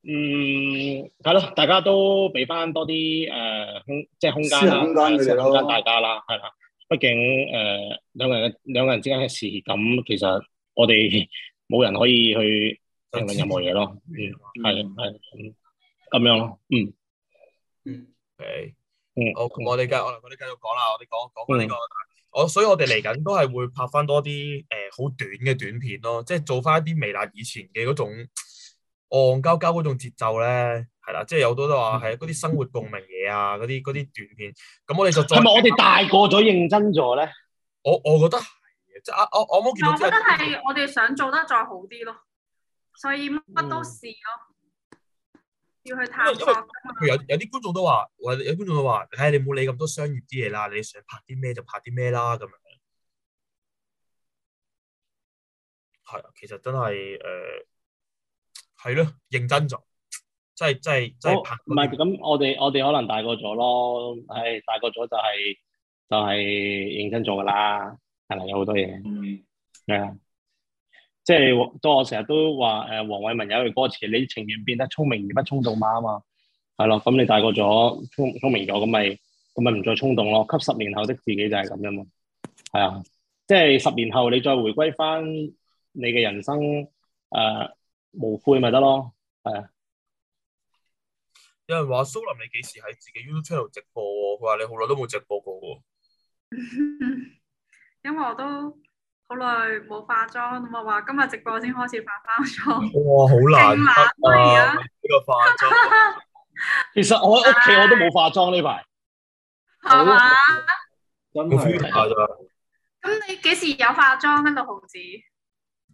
嗯，係咯，大家都俾翻多啲誒、呃、空，即係空間啦，空間大家啦，係啦。畢竟誒兩、呃、個人兩個人之間嘅事，咁其實我哋冇人可以去評論任、任何嘢咯。係係咁樣咯。嗯嗯，OK，嗯，好，我哋繼我哋繼續講啦。我哋講講呢個，我、嗯、所以我哋嚟緊都係會拍翻多啲誒好短嘅短、短片咯，即、就、係、是、做翻一啲微辣以前嘅嗰種。戇鳩鳩嗰種節奏咧，係啦，即係有好多都話係嗰啲生活共鳴嘢啊，嗰啲嗰啲短片。咁我哋就再係咪我哋大過咗，認真咗咧？我我覺得係即係啊，我我冇。我覺得係我哋想做得再好啲咯，所以乜都試咯，嗯、要去探索，因為因為有，有有啲觀眾都話，我有觀眾都話，唉、哎，你冇理咁多商業啲嘢啦，你想拍啲咩就拍啲咩啦，咁樣。係啊，其實真係誒。呃係咯，認真咗，即係即係即係唔係咁，我哋我哋可能大個咗咯，唉，大個咗就係、是、就係、是、認真做噶啦，係咪有好多嘢？嗯，係、就、啊、是，即係當我成日都話，誒、呃，黃偉文有一句歌詞，你情願變得聰明而不衝動嘛？啊嘛，係咯，咁你大個咗，聰聰明咗，咁咪咁咪唔再衝動咯，給十年後的自己就係咁樣嘛，係啊，即係十年後你再回歸翻你嘅人生，誒、呃。無悔咪得咯，係啊！有人話蘇霖，你幾時喺自己 YouTube 頻道直播？佢話你好耐都冇直播過喎。 因為我都好耐冇化妝，咁我話今日直播先開始化翻妝。哇，好難得，難得啊！呢、啊啊、個化妝， 其實我喺屋企我都冇化妝呢排。係嘛 ？咁你幾時有化妝咧？六毫子。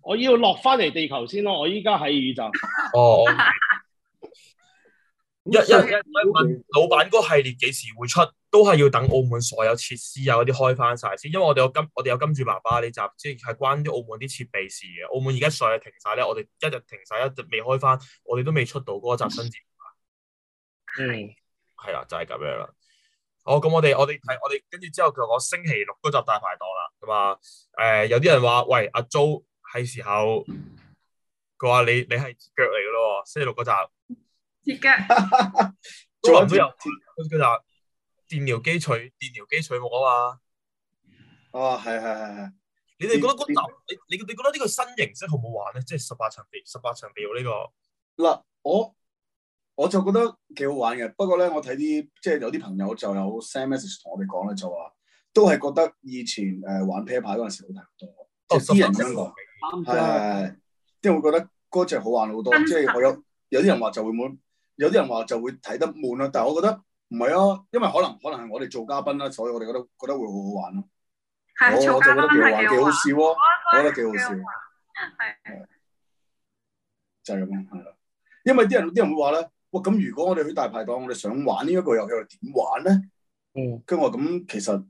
我要落翻嚟地球先咯，我依家喺宇宙。哦、oh, okay. 一一問 老闆嗰系列幾時會出，都係要等澳門所有設施啊嗰啲開翻晒先，因為我哋有金我哋有金主爸爸呢集，即係關於澳門啲設備事嘅。澳門而家所有停晒咧，我哋一日停晒，一直未開翻，我哋都未出到嗰集新節目。嗯，係啦，就係、係、咁樣啦。好、oh，咁我哋我哋睇我哋跟住之後，佢話星期六嗰集大排檔啦，咁啊誒，有啲人話喂阿 Joe。係時候，佢話你你係腳嚟噶咯，星期六嗰集，脫腳， 做有之後嗰集，集電療機取電療機取我啊嘛，哦係係係係，你哋覺得嗰集你你你覺得呢個新形式好唔好玩咧？即係十八層地十八層地呢個嗱，我我就覺得幾好玩嘅，不過咧我睇啲即係有啲朋友就有 sms 同我哋講咧，就話都係覺得以前誒玩 pair 牌嗰陣時好大好多，即係、哦、私人一個。係，即係、嗯、我，我覺得嗰隻好玩好多，即係我有有啲人話就會悶，有啲人話就會睇得悶啊。但係我覺得唔係啊，因為可能可能係我哋做嘉賓啦，所以我哋覺得覺得會好好玩咯。係啊，做嘉賓好玩，嘅，好玩，我覺得幾好笑，係的就係、是、咁樣，係啦。因為啲人啲人會話咧，哇！咁如果我哋去大排檔，我哋想玩，遊戲，玩呢一個遊戲，點玩咧？嗯， 跟住我咁其實。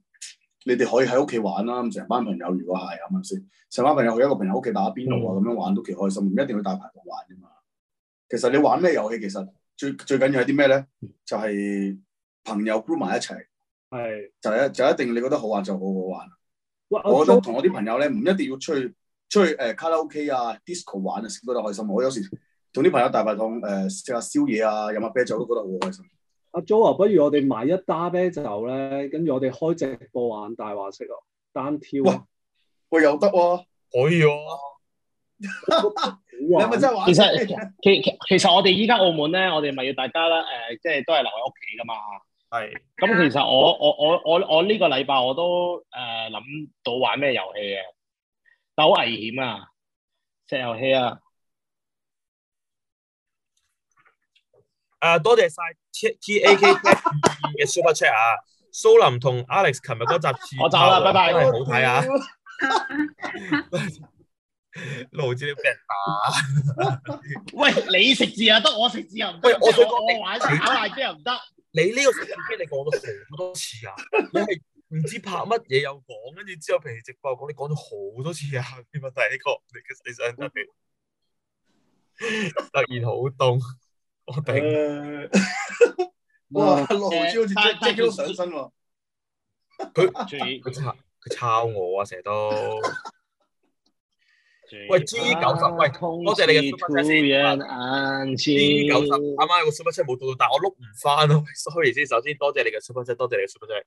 你哋可以喺屋企玩啦，咁成班朋友如果係咁樣先？成班朋友去一個朋友屋企打下邊爐啊，咁、嗯、樣玩都幾開心。唔一定要大排檔玩啫嘛。其實你玩咩遊戲，其實最最緊要係啲咩咧？就係、是、朋友 group 埋一齊，是就係就一定你覺得好玩就好好玩。哇我覺得同我啲朋友咧，唔一定要出去出去誒、呃、卡拉 OK 啊、disco 玩啊，食都得開心。我有時同啲朋友大排檔誒食下宵夜啊、飲下啤酒都覺得好開心。阿 Jo 啊，Joe，不如我哋買一打啤酒咧，跟住我哋開直播玩大話骰咯，單挑。喂，喂又得喎，可以喎、啊。 你咪真係玩其其其？其實其、呃、是其實我哋依家澳門咧，我哋咪要大家啦，誒，即係都係留喺屋企噶嘛。係。咁其實我我我我我呢個禮拜我都誒諗、呃、到玩咩遊戲嘅，但好危險啊！射耳仔啊！啊，多謝晒 T T A K T B 嘅 super chat 啊，蘇林同 Alex 琴日嗰集字，我走啦，拜拜，好睇啊，盧子你俾人打，喂你食字啊，得我食字啊，喂我想講我玩炒大雞又唔得，你呢個食字機你講咗好多次啊，你係唔知拍乜嘢又講，跟住之後平時直播講你講咗好多次啊，點解第呢課你你想特別突然好凍。我頂！呃、 哇，六毫子好似 Jacky 上身喎！佢佢抄佢抄我啊，成日都。 喂，G 九十，喂，多謝你嘅 super chat 先。G 九十，啱啱，個 super chat 冇到，但係我 look 唔翻咯。Sorry 先，首先多謝你嘅 super chat，多謝你嘅 super chat。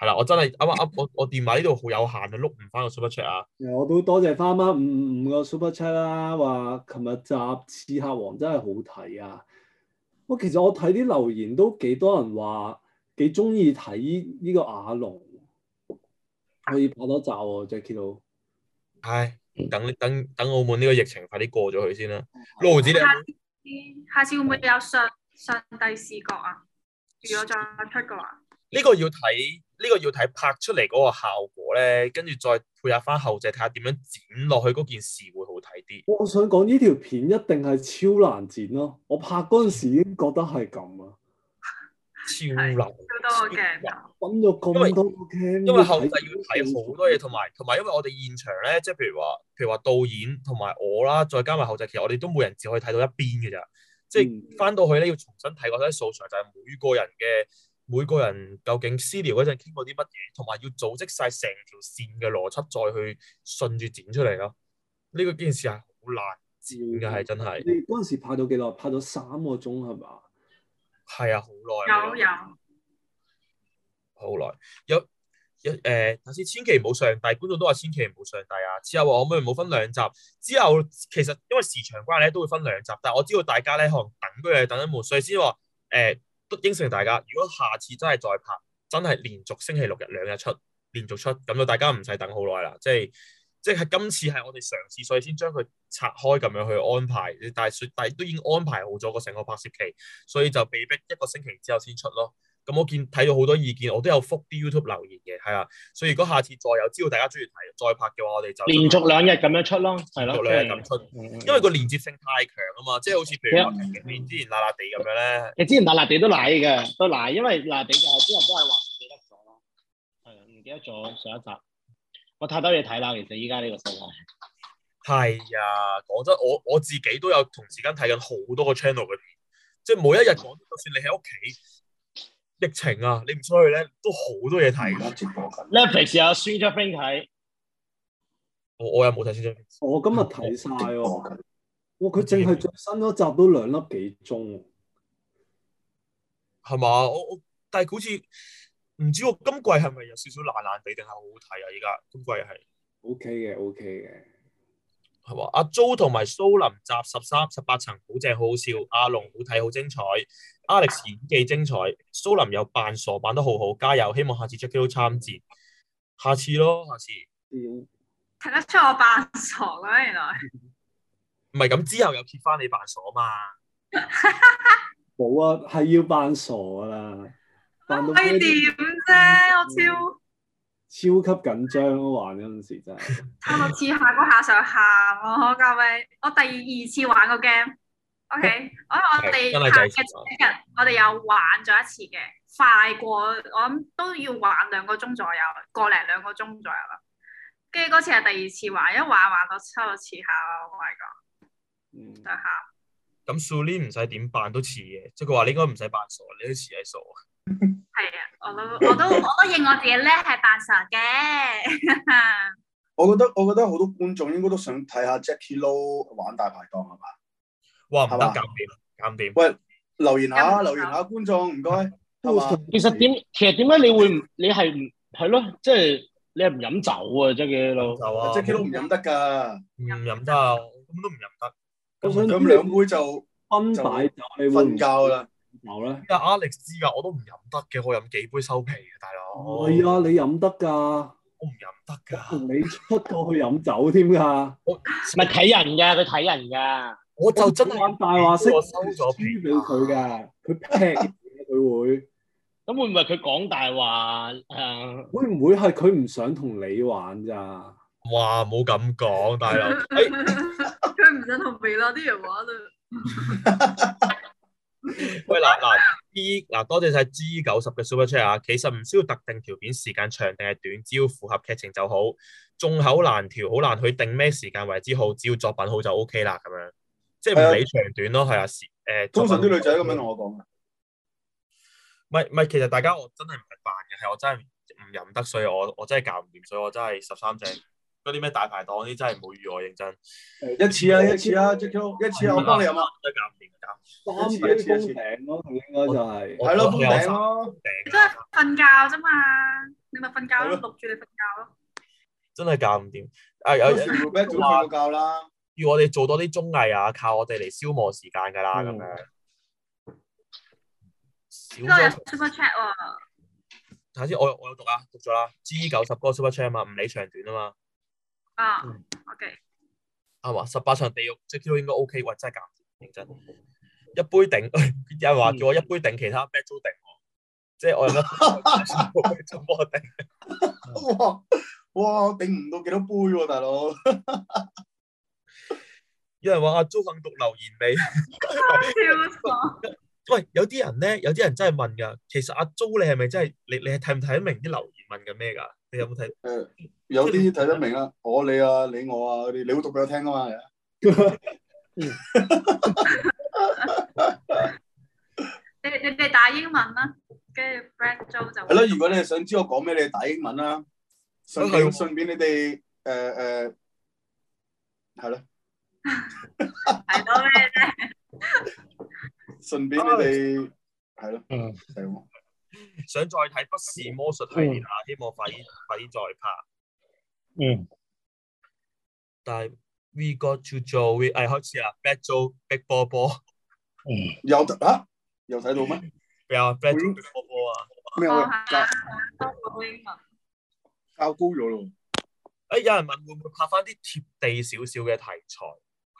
係啦，我真係啱啱，我我電話呢度好有限啊，look 唔翻個 super chat 啊。我都多謝花媽五五個 super chat 啦、啊，話琴日集刺客王真係好睇啊！.我其實我睇啲留言都幾多人話幾中意睇呢個亞龍，可以拍多集喎 Jacky Lou，唉，等等等澳門呢個疫情快啲過咗佢先啦。盧子你、啊下，下次會唔會有上上帝視角啊？如果再出嘅話，呢個要睇。呢個要睇拍出嚟嗰個效果咧，跟住再配合翻後製，睇下點樣剪落去嗰件事會好睇啲。我想講呢條片一定係超難剪咯！我拍嗰陣時已經覺得係咁啊，超難。超流為多嘅揾咗咁多個 camera，因為後製要睇好多嘢，同埋同埋因為我哋現場咧，即係譬如話，譬如話導演同埋我啦，再加埋後製，其實我哋都每人只可以睇到一邊嘅咋。即係翻、嗯、到去咧，要重新睇過睇素材，就係、是、每個人嘅。每個人究竟私聊嗰陣傾過啲乜嘢，同埋要組織晒成條線嘅邏輯，再去順住剪出嚟咯。呢、這個件事係，好難剪嘅，係真係。你嗰陣時拍到幾耐？拍咗三個鐘係嘛？係啊，好耐。有有好耐，有有誒，頭、呃、先千祈唔好上帝，觀眾都話千祈唔好上帝啊。之後我唔好分兩集。之後其實因為時長關係都會分兩集，但我知道大家咧可能等佢係等一悶，所以先話誒。呃都應承大家，如果下次真係再拍，真係連續星期六日兩日出，連續出，咁就大家唔使等好耐啦。即係即係今次係我哋嘗試，所以先將佢拆開咁樣去安排。但係但係都已經安排好咗個成個拍攝期，所以就被逼一個星期之後先出咯。咁我見，睇到好多意見，我都有覆啲 YouTube 留言嘅，係啊。所以如果下次再有知道大家中意睇，再拍嘅話，我哋就連續兩日咁樣出咯，係咯對，連續兩日咁出，對因為個連接性太強啊嘛，即係好似譬如你之前辣辣地咁樣咧，嗯嗯嗯嗯嗯嗯嗯，你之前辣辣地都瀨嘅，都瀨，因為嗱嗱地嘅啲人都係話唔記得咗咯，係唔記得咗上一集，我太多嘢睇啦，其實依家呢個世界，係啊、哎，講真，我我自己都有同時間睇緊好多個 channel 嘅片，即係每一日講，就算你喺屋企。 疫情啊，你唔出去咧，都好多嘢睇㗎。Netflix 有、啊《Stranger Things》睇、啊哦，我我又冇睇《Stranger Things》我今日睇晒喎，哇、啊！佢淨係新咗集都兩粒幾鐘，係嘛？我我但係好似唔知喎、啊，今季係咪有少少爛爛地定係好好睇啊？而家今季係 OK 嘅，OK 嘅，係嘛？阿 Jo 同埋蘇林集十三十八層好正好好笑，阿龍好睇好精彩。Alex 演技精彩，蘇林又扮傻扮得好好，加油！希望下次 Jacky 都參戰，下次咯，下次。睇得出我扮傻啦，原來。唔係咁，之後又揭翻你扮傻嘛？冇啊， 係要扮傻啦。咁你點啫？我超超級緊張玩嗰陣時真係。 差到次下個下想喊我，我咪我第二次玩個 game。O、okay. K，我期我哋下日一日我哋又玩咗一次嘅，快過我諗都要玩兩個鐘左右，個零兩個鐘左右啦。跟住嗰次係第二次玩，一玩玩到抽到次下，我話個，嗯，等下后。咁 Sulin 唔使點扮都似嘅，即係佢話你應該唔使扮傻，你都似係傻啊。係啊， 我都我都我都認我自己咧係扮傻嘅。我覺得我覺得好多觀眾應該都想睇下 Jacky Lou 玩大排檔係嘛？話唔得減點，減點。喂，留言下，留言下觀眾，唔該，係嘛？其實點，其實點解你會唔，你係唔係咯？即係你係唔飲酒啊？真嘅，老。酒啊！即係佢都唔飲得噶。唔飲得，咁都唔飲得。咁兩杯就安排咗，你瞓覺啦。有咧。阿 Alex 知噶，我都唔飲得嘅，我飲幾杯收皮嘅大佬。係啊，你飲得噶。我唔飲得噶。你出過去飲酒添噶。唔係睇人噶，佢睇人噶。我就真係玩大話，識我收咗皮俾佢噶。佢劈佢會咁會唔會佢講大話？誒，會唔會係佢唔想同你玩咋？哇，唔好咁講，大佬。佢唔想同微辣啲人玩 啦。喂，嗱嗱，B 嗱多謝晒 G 九十嘅 Super Chat 啊。其實唔需要特定條片時間長定係短，只要符合劇情就好。眾口難調，好難去定咩時間為之好，只要作品好就 O K 啦。咁樣。即係唔理長短咯，係啊，時誒通常啲女仔咁樣，同我講唔係唔係。其實大家我真係唔係扮嘅，係我真係唔飲得，所以我我真係搞唔掂，所以我真係十三隻嗰啲咩大排檔啲真係唔好預我認真。一次啊，一次啊，JQ，一次我幫你飲啊。唔使搞唔掂，教一次一次。頂咯，應該就係。係咯，封頂咯。你都係瞓覺啫嘛？你咪瞓覺咯，錄住你瞓覺咯。真係搞唔掂。係有時冇咩早瞓啦。要我哋做多啲綜藝啊，靠我哋嚟消磨時間噶啦，咁樣、嗯。小雜個 super chat 喎、啊。睇下先，我我有讀啊，讀咗啦。G 九十個 super chat 啊嘛，唔理長短啊嘛。啊、嗯、OK 啊。阿華，十八場地獄即 Q 應該 OK，喂真係假的？認真。一杯頂， 有人話叫我一杯頂其他咩都頂，即係我得 哇。哇哇，頂唔到幾多杯喎、啊，大佬。 有人話阿 Joe 肯讀留言未？開笑講。喂，有啲人咧，有啲人真係問噶。其實阿 Joe 你是是，你係咪真係你你睇唔睇得明啲留言？問嘅咩噶？你有冇睇？誒、嗯，有啲睇得明啊，我你啊，你我啊啲，你會讀俾我聽噶嘛？你你哋打英文啦，跟住 friend Joe 就係咯。如果你想知道我講咩，你打英文啦。順便、嗯嗯、順便你，你哋誒誒係咯。呃嗯睇 到咩咧？順便你哋係咯，嗯，係、嗯。想再睇不是魔術系列啊，嗯、希望快啲，快啲再拍。嗯。但係，we got to do，we, 哎，開始啦，battle，逼波波。嗯。有得啊？有睇到咩？有 battle 逼波波啊。咩啊？交高咗咯。哎、欸，有人問會唔會拍翻啲貼地少少嘅題材？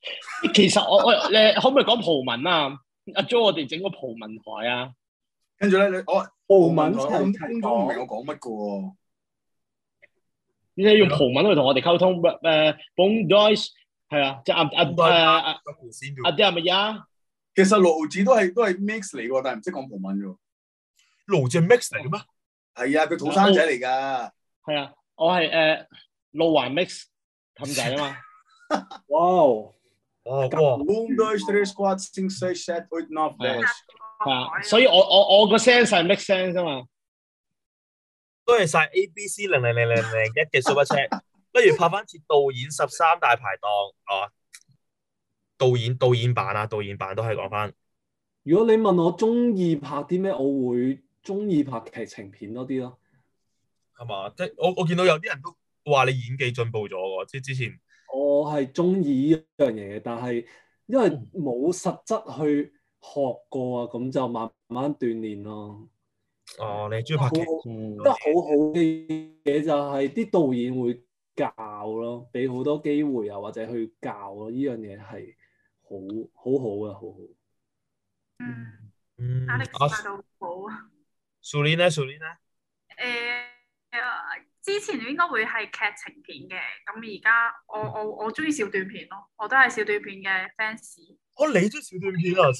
其實我我你可唔可以講葡文啊？阿、啊、jo，我哋整個葡文台啊，跟住咧，你我葡文，聽唔明我講乜噶喎？你用葡文去同我哋溝通，誒，Bon Joyce 係啊，即係阿阿阿阿阿啲係咪呀？其實羅浩智都係都係 mix 嚟噶，但係唔識講葡文噶。羅智係 mix 嚟噶咩？係啊，佢土生仔嚟噶。係、哦、啊，我係誒路環 mix 氹仔啊嘛。哇！ 哦，所以我我我個聲勢 make sense 啊嘛，多謝晒 A、B、C 零零零零零一嘅 Super Chat，不如拍翻次導演十三大排檔啊，導演導演版啊，導演版都係講翻。如果你問我中意拍啲咩，我會中意拍劇情片多啲咯。係嘛，即係我我見到有啲人都話你演技進步咗喎，即係之前。我係中意依樣嘢，但係因為冇實質去學過啊，咁就慢慢鍛鍊咯。哦，你係中意拍劇，得好、嗯、好嘅嘢就係、是、啲導演會教咯，俾好多機會啊，或者去教咯，呢樣嘢係好好好嘅，好好。嗯，壓力大到啊！Sunny 咧，Sunny 咧，誒、啊之前應該會係劇情片嘅，咁而家我我我中意小短片咯，我都係小短片嘅 fans。我你中意小短片啊？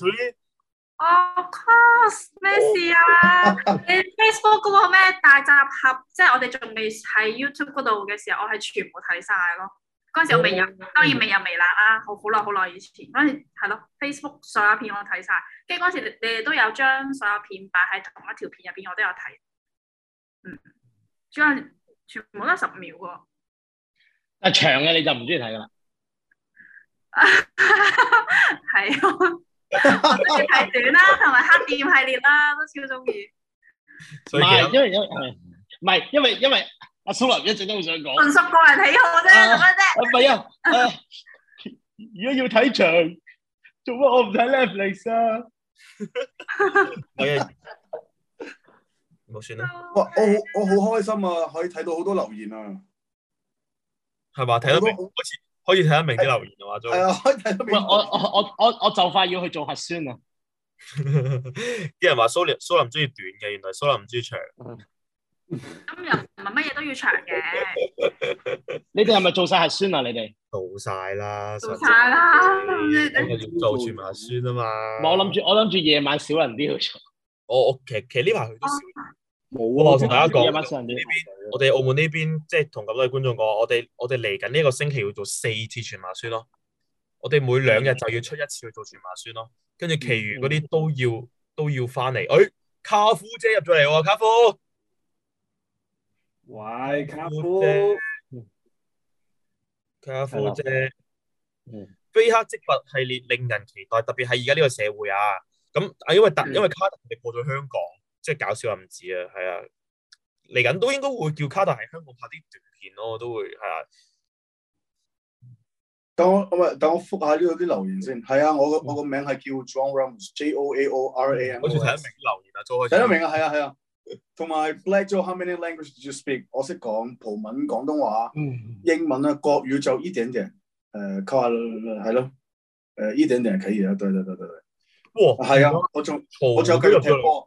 哦 of course，咩事啊？ 你 Facebook 嗰個咩大集合，即係我哋仲未喺 YouTube 嗰度嘅時候，我係全部睇晒咯。嗰陣時我未有，嗯、當然未有微辣啦，好好耐好耐以前。嗰陣時係咯，Facebook 所有片我睇晒，跟住嗰陣時你哋都有將所有片擺喺同一條片入邊，我都有睇。嗯，將。全部得十秒喎，啊長嘅你就唔中意睇噶啦，係啊，中意睇短啦，同埋黑店系列啦，都超中意。所以因為，因為唔係因為，因為阿蘇林一直都好想講，十個人喜好啫咁啊啫。唔係啊，如果要睇長，做乜我唔睇 Netflix 啊？我嘅。就算啦！哇，我好我好開心啊，可以睇到好多留言啊，係嘛？睇得明，好似可以睇得明啲留言嘅話就係可以睇得明。我我我我我就快要去做核酸啦！啲人話蘇林蘇林中意短嘅，原來蘇林中意長、嗯。咁又唔係乜嘢都要長嘅。你哋係咪做晒核酸啊？你哋、e、做晒啦，做晒啦，做全民核酸嘛啊嘛、oh, okay.。我諗住我諗住夜晚少人啲去做。我我其實其實呢排佢都少。冇我同大家講，呢邊我哋澳門呢邊，即係同咁多位觀眾講，我哋我哋嚟緊呢個星期要做四次全麻酸咯，我哋每兩日就要出一次去做全麻酸咯，跟住其餘嗰啲都要、嗯、都要返嚟。誒、哎，卡夫姐入咗嚟喎，卡夫，喂，卡夫，姐！卡夫姐，嗯，非、嗯、黑即白系列令人期待，特別係而家呢個社會啊，咁、嗯、啊，因為特、嗯、因為卡特，你哋過咗香港。即係搞笑又唔止啊，係啊，嚟緊都應該會叫卡達喺香港拍啲短片咯，都會係啊。等我，唔係，等我覆下呢度啲留言先。係啊，我個我個名係叫 John Rams J, am, J O A O R A M，好似睇得明留言啊。再睇得明啊，係啊係啊。同埋 Black Joe，How many languages you speak？我識講葡文、廣東話、嗯、英文啊、國語就依點點。誒，佢話係咯，誒依點點可以啊？對對對對,對對。哇！係啊的，我仲我仲有繼續踢波。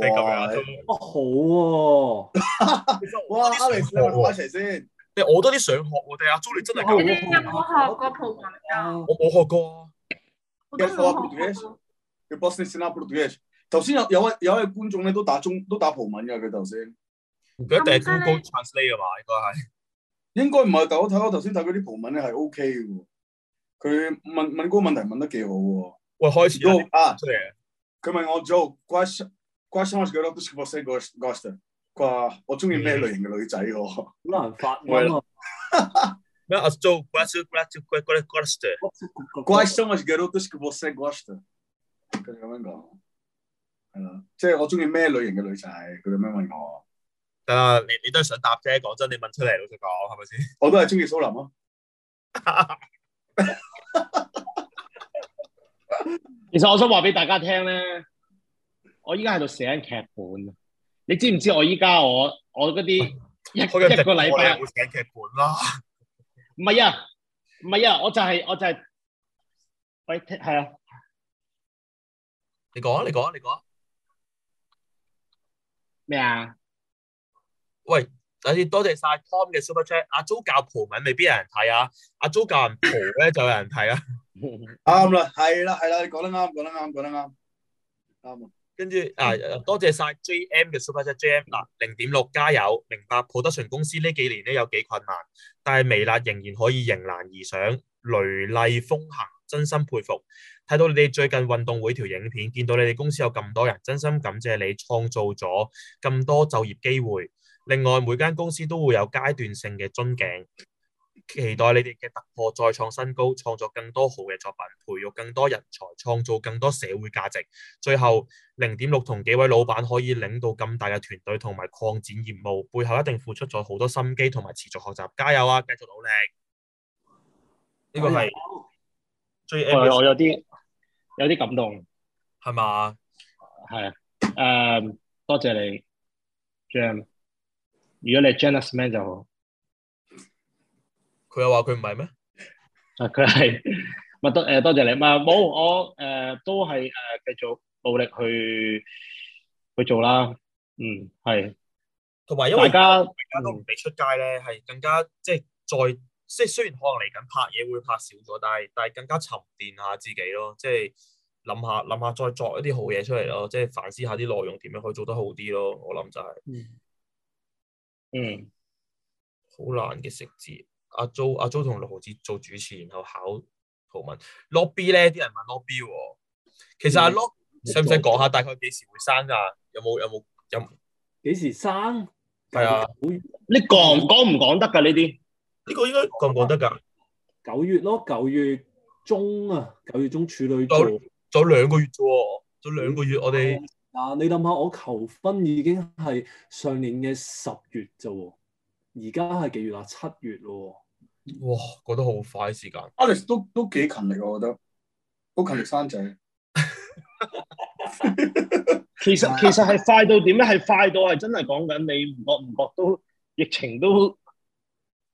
你咁樣都好喎！哇，啲學嘅一齊先。你我都啲想學喎。你阿 Joey 真係教我學過葡文㗎。我我學過啊。我都學過。佢 business 呢？佢 business 頭先有有位有位觀眾咧都打中都打葡文㗎。佢頭先佢一定係 Google Translate 㗎嘛？應該係，應該唔係，但係我睇我頭先睇嗰啲葡文咧係 OK 嘅喎。佢問問個問題問得幾好喎？喂，開始啊都啊，佢問我做。Guys, so much girls to see you, Guaster。話我中意咩類型嘅女仔喎？好難發問咯。咩啊？做 Guys, guys, guys，佢佢佢，Guaster。Guys, so much girls to see you, Guaster。佢哋咁樣講，係啦，即係我中意咩類型嘅女仔？佢咁樣問我？得啦，你你都係想答啫。講真，你問出嚟，老實講係咪先？我都係中意蘇霖咯。其實我想話俾大家聽咧。我依家喺度寫緊劇本，你知唔知我依家我我嗰啲一 一個禮拜會寫劇本咯？唔係 啊，唔係啊，我就係、是、我就係喂係啊，你講啊，你講啊，你講啊，你講咩啊？喂，等事、啊、麼多謝晒 Tom 嘅 Super Chat、啊。阿 Jo 教葡文未必有人睇啊，阿、啊、Jo、啊、教人葡咧 就有人睇啊。啱啦， 係啦，係啦，你講得啱，講得啱，講得啱，啱跟住啊，多謝晒 J.M. 嘅 Super J.M. 嗱，零點六加油，明白。普德信公司呢幾年咧有幾困難，但係微辣仍然可以迎難而上，雷厲風行，真心佩服。睇到你哋最近運動會條影片，見到你哋公司有咁多人，真心感謝你創造咗咁多就業機會。另外，每間公司都會有階段性嘅樽頸。期待你哋嘅突破，再創新高，創造更多好嘅作品，培育更多人才，創造更多社會價值。最後，零點六同幾位老闆可以領到咁大嘅團隊同埋擴展業務，背後一定付出咗好多心機同埋持續學習。加油啊，繼續努力！呢、哎、個係我有啲有啲感動，係嘛吧？係啊，誒、嗯，多謝你 Jam 如果你 Gemasman 就好。佢又話佢唔係咩？啊，佢係，唔多誒，多謝你。啊，冇我誒、呃，都係誒，繼、呃、續努力去去做啦。嗯，係。同埋因為而家都未出街咧，係、嗯、更加即係再即係雖然可能嚟緊拍嘢會拍少咗，但係但係更加沉澱下自己咯，即係諗下諗下再作一啲好嘢出嚟咯，即係反思下啲內容點樣可以做得好啲咯。我諗就係、係。嗯。嗯。好難嘅食字。阿周阿周同六毫子做主持，然後考葡文。l 羅 B 咧，啲人問羅 B，其實阿 l 羅使唔使講下大概幾時會生噶？有冇有冇有？幾時生？係啊，你講講唔講得噶呢啲？呢個應該講唔講得噶？九月咯，九月中啊，九月中處女座，仲有，有兩個月啫，仲有兩個月我，我哋啊，啊，你諗下，我求婚已經係上年嘅十月啫。而家係幾月啊？七月咯，哇，過得好快啲時間。Alex 都都幾勤力，我覺得，都勤力生仔 其實其實係快到點咧？係快到係真係講緊你唔覺唔覺都疫情都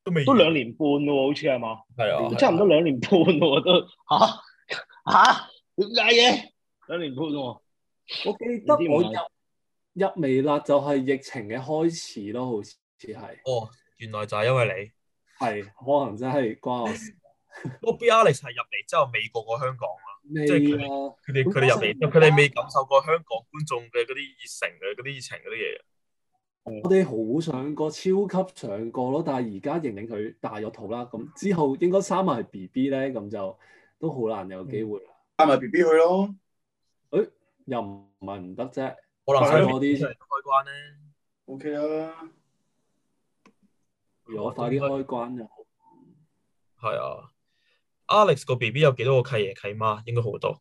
都未都兩年半喎，好似係嘛？係啊，啊差唔多兩年半我覺得。吓吓、啊，嗌、啊、嘢？兩年半喎，我記得我入入微辣就係疫情嘅開始咯，好似。似係哦，原來就係因為你係，可能真係關我事。B.B. Alex 係入嚟之後未過過香港啊， 即係佢哋佢哋入嚟，佢哋未感受過香港觀眾嘅嗰啲熱誠嘅嗰啲熱情嗰啲嘢。我哋好想過，超級想過咯，但係而家盈盈佢大咗肚啦，咁之後應該生埋係 B.B. 咧，咁就都好難有機會啦。帶埋 B.B. 去咯，誒、哎，又唔係唔得啫，可能開我啲開關咧，O.K. 啦。 如我快啲開關 啊！係啊，Alex BB 個 B B 有幾多個契爺契媽？應該好多。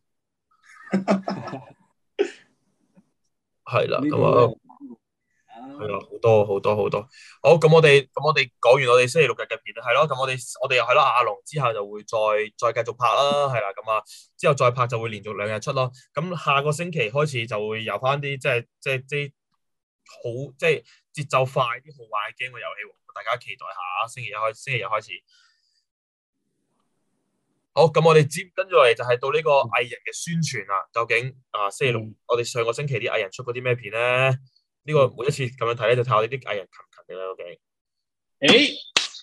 係啦，咁啊，係啦、 啊，好、 啊、多好多好多。好，咁我哋咁、嗯、我哋講完我哋星期六日嘅片係咯，咁我哋我哋又係咯，阿龍之後就會再再繼續拍啦，係啦，咁、嗯、啊，之後再拍就會連續兩日出咯。咁下個星期開始就會有翻啲即係即係即係好即係。節奏快啲，好玩嘅 game 嘅遊戲，大家期待下。星期一開始，星期日開始。好，咁我哋接跟住嚟就係到呢個藝人嘅宣傳啦。究竟啊，星期六、嗯、我哋上個星期啲藝人出過啲咩片咧？呢、這個每一次咁樣睇咧，就睇我哋啲藝人勤唔勤嘅啦。O、okay? K、欸。誒，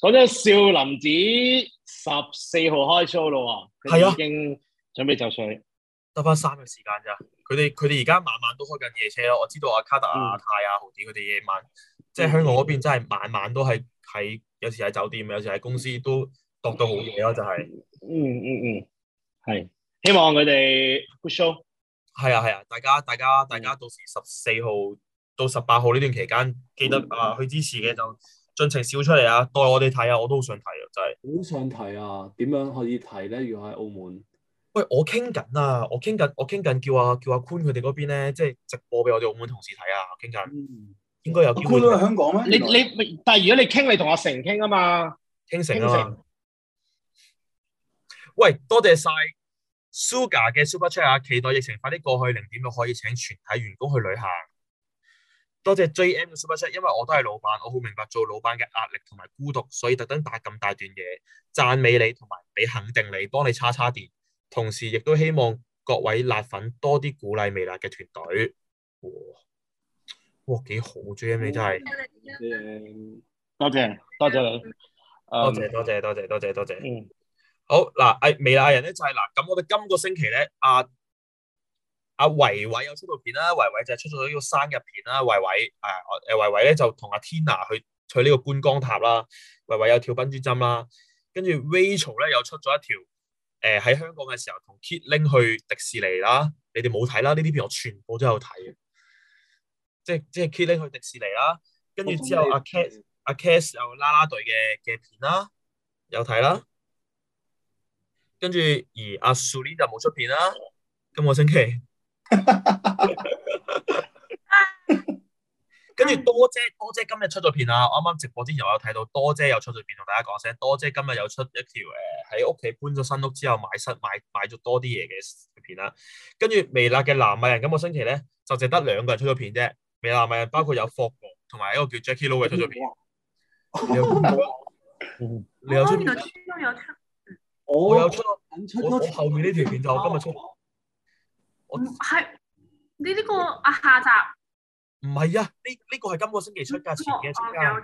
講咗 Sulin 十四號開 show 啦，佢已經、啊、準備就上。得翻三日時間咋？佢哋佢哋而家晚晚都開緊夜車咯。我知道阿卡特、阿、啊、泰、阿、啊、豪典佢哋夜晚，即、就、係、是、香港嗰邊真係晚晚都係喺有時喺酒店，有時喺公司都度到好夜咯。就係、是嗯，嗯嗯嗯，係、嗯、希望佢哋 good show。係 啊係啊，大家大家大家到時十四號到十八號呢段期間，記得啊去支持嘅就盡情笑出嚟啊！代我哋睇下，我都好想睇啊，真係。好想睇啊！點樣可以睇咧？如果喺澳門。喂，我傾緊啊，我傾緊、啊，我傾緊、啊、叫阿叫阿坤佢哋嗰邊咧，即係直播俾我哋澳門同事睇啊，我傾緊，應該有機會。坤喺香港咩？你你，但係如果你傾，你同阿成傾啊嘛。傾成啊傾成。喂，多謝晒 Sugar 嘅 Super Chat，期待疫情快啲過去，零點到可以請全體員工去旅行。多謝 JM 嘅 Super Chat，因為我都係老闆，我好明白做老闆嘅壓力同埋孤獨，所以特登打咁大段嘢讚美你同埋俾肯定你，幫你叉叉電。同時亦都希望各位辣粉多啲鼓勵微辣嘅團隊。哇！哇幾好，J M 你真係、嗯。多謝，多謝你。多謝多謝多謝多謝多謝。多謝嗯，好嗱，誒、啊啊、微辣人咧就係、是、嗱，咁、啊、我哋今個星期咧，阿、啊、阿、啊、維維有出套片啦，維維就出咗呢個生日片啦，維維誒誒、啊啊、維維咧就同阿 Tina 去去呢個觀光塔啦，維維有跳笨豬跳啦、啊，跟住 Rachel 咧又出咗一條。誒喺、呃、香港嘅時候，同 Kitling 去迪士尼啦，你哋冇睇啦，呢啲片我全部都有睇嘅，即係即係 Kitling 去迪士尼啦，跟住之後阿、啊、K 阿、 啊、Kes、啊、有啦啦隊嘅嘅片啦，有睇啦，跟住而阿、啊、Sulin 就冇出片啦，今個星期。 跟住多姐，多姐今日出咗片啊！啱啱直播之前我有睇到多姐有出咗片，同大家講聲，多姐今日又出一條誒，喺屋企搬咗新屋之後買新買買咗多啲嘢嘅片啦、啊。跟住微辣嘅男藝人，今、嗯、個星期咧就淨得兩個人出咗片啫。微辣藝人包括有霍王同埋一個叫 Jacky Lou 嘅出咗片。你有出片、啊？哦、我有出，我後面呢條片就我今日出。哦、我。係你呢個啊下集？唔係啊，呢呢、這個係今個星期出噶，前幾星期出噶。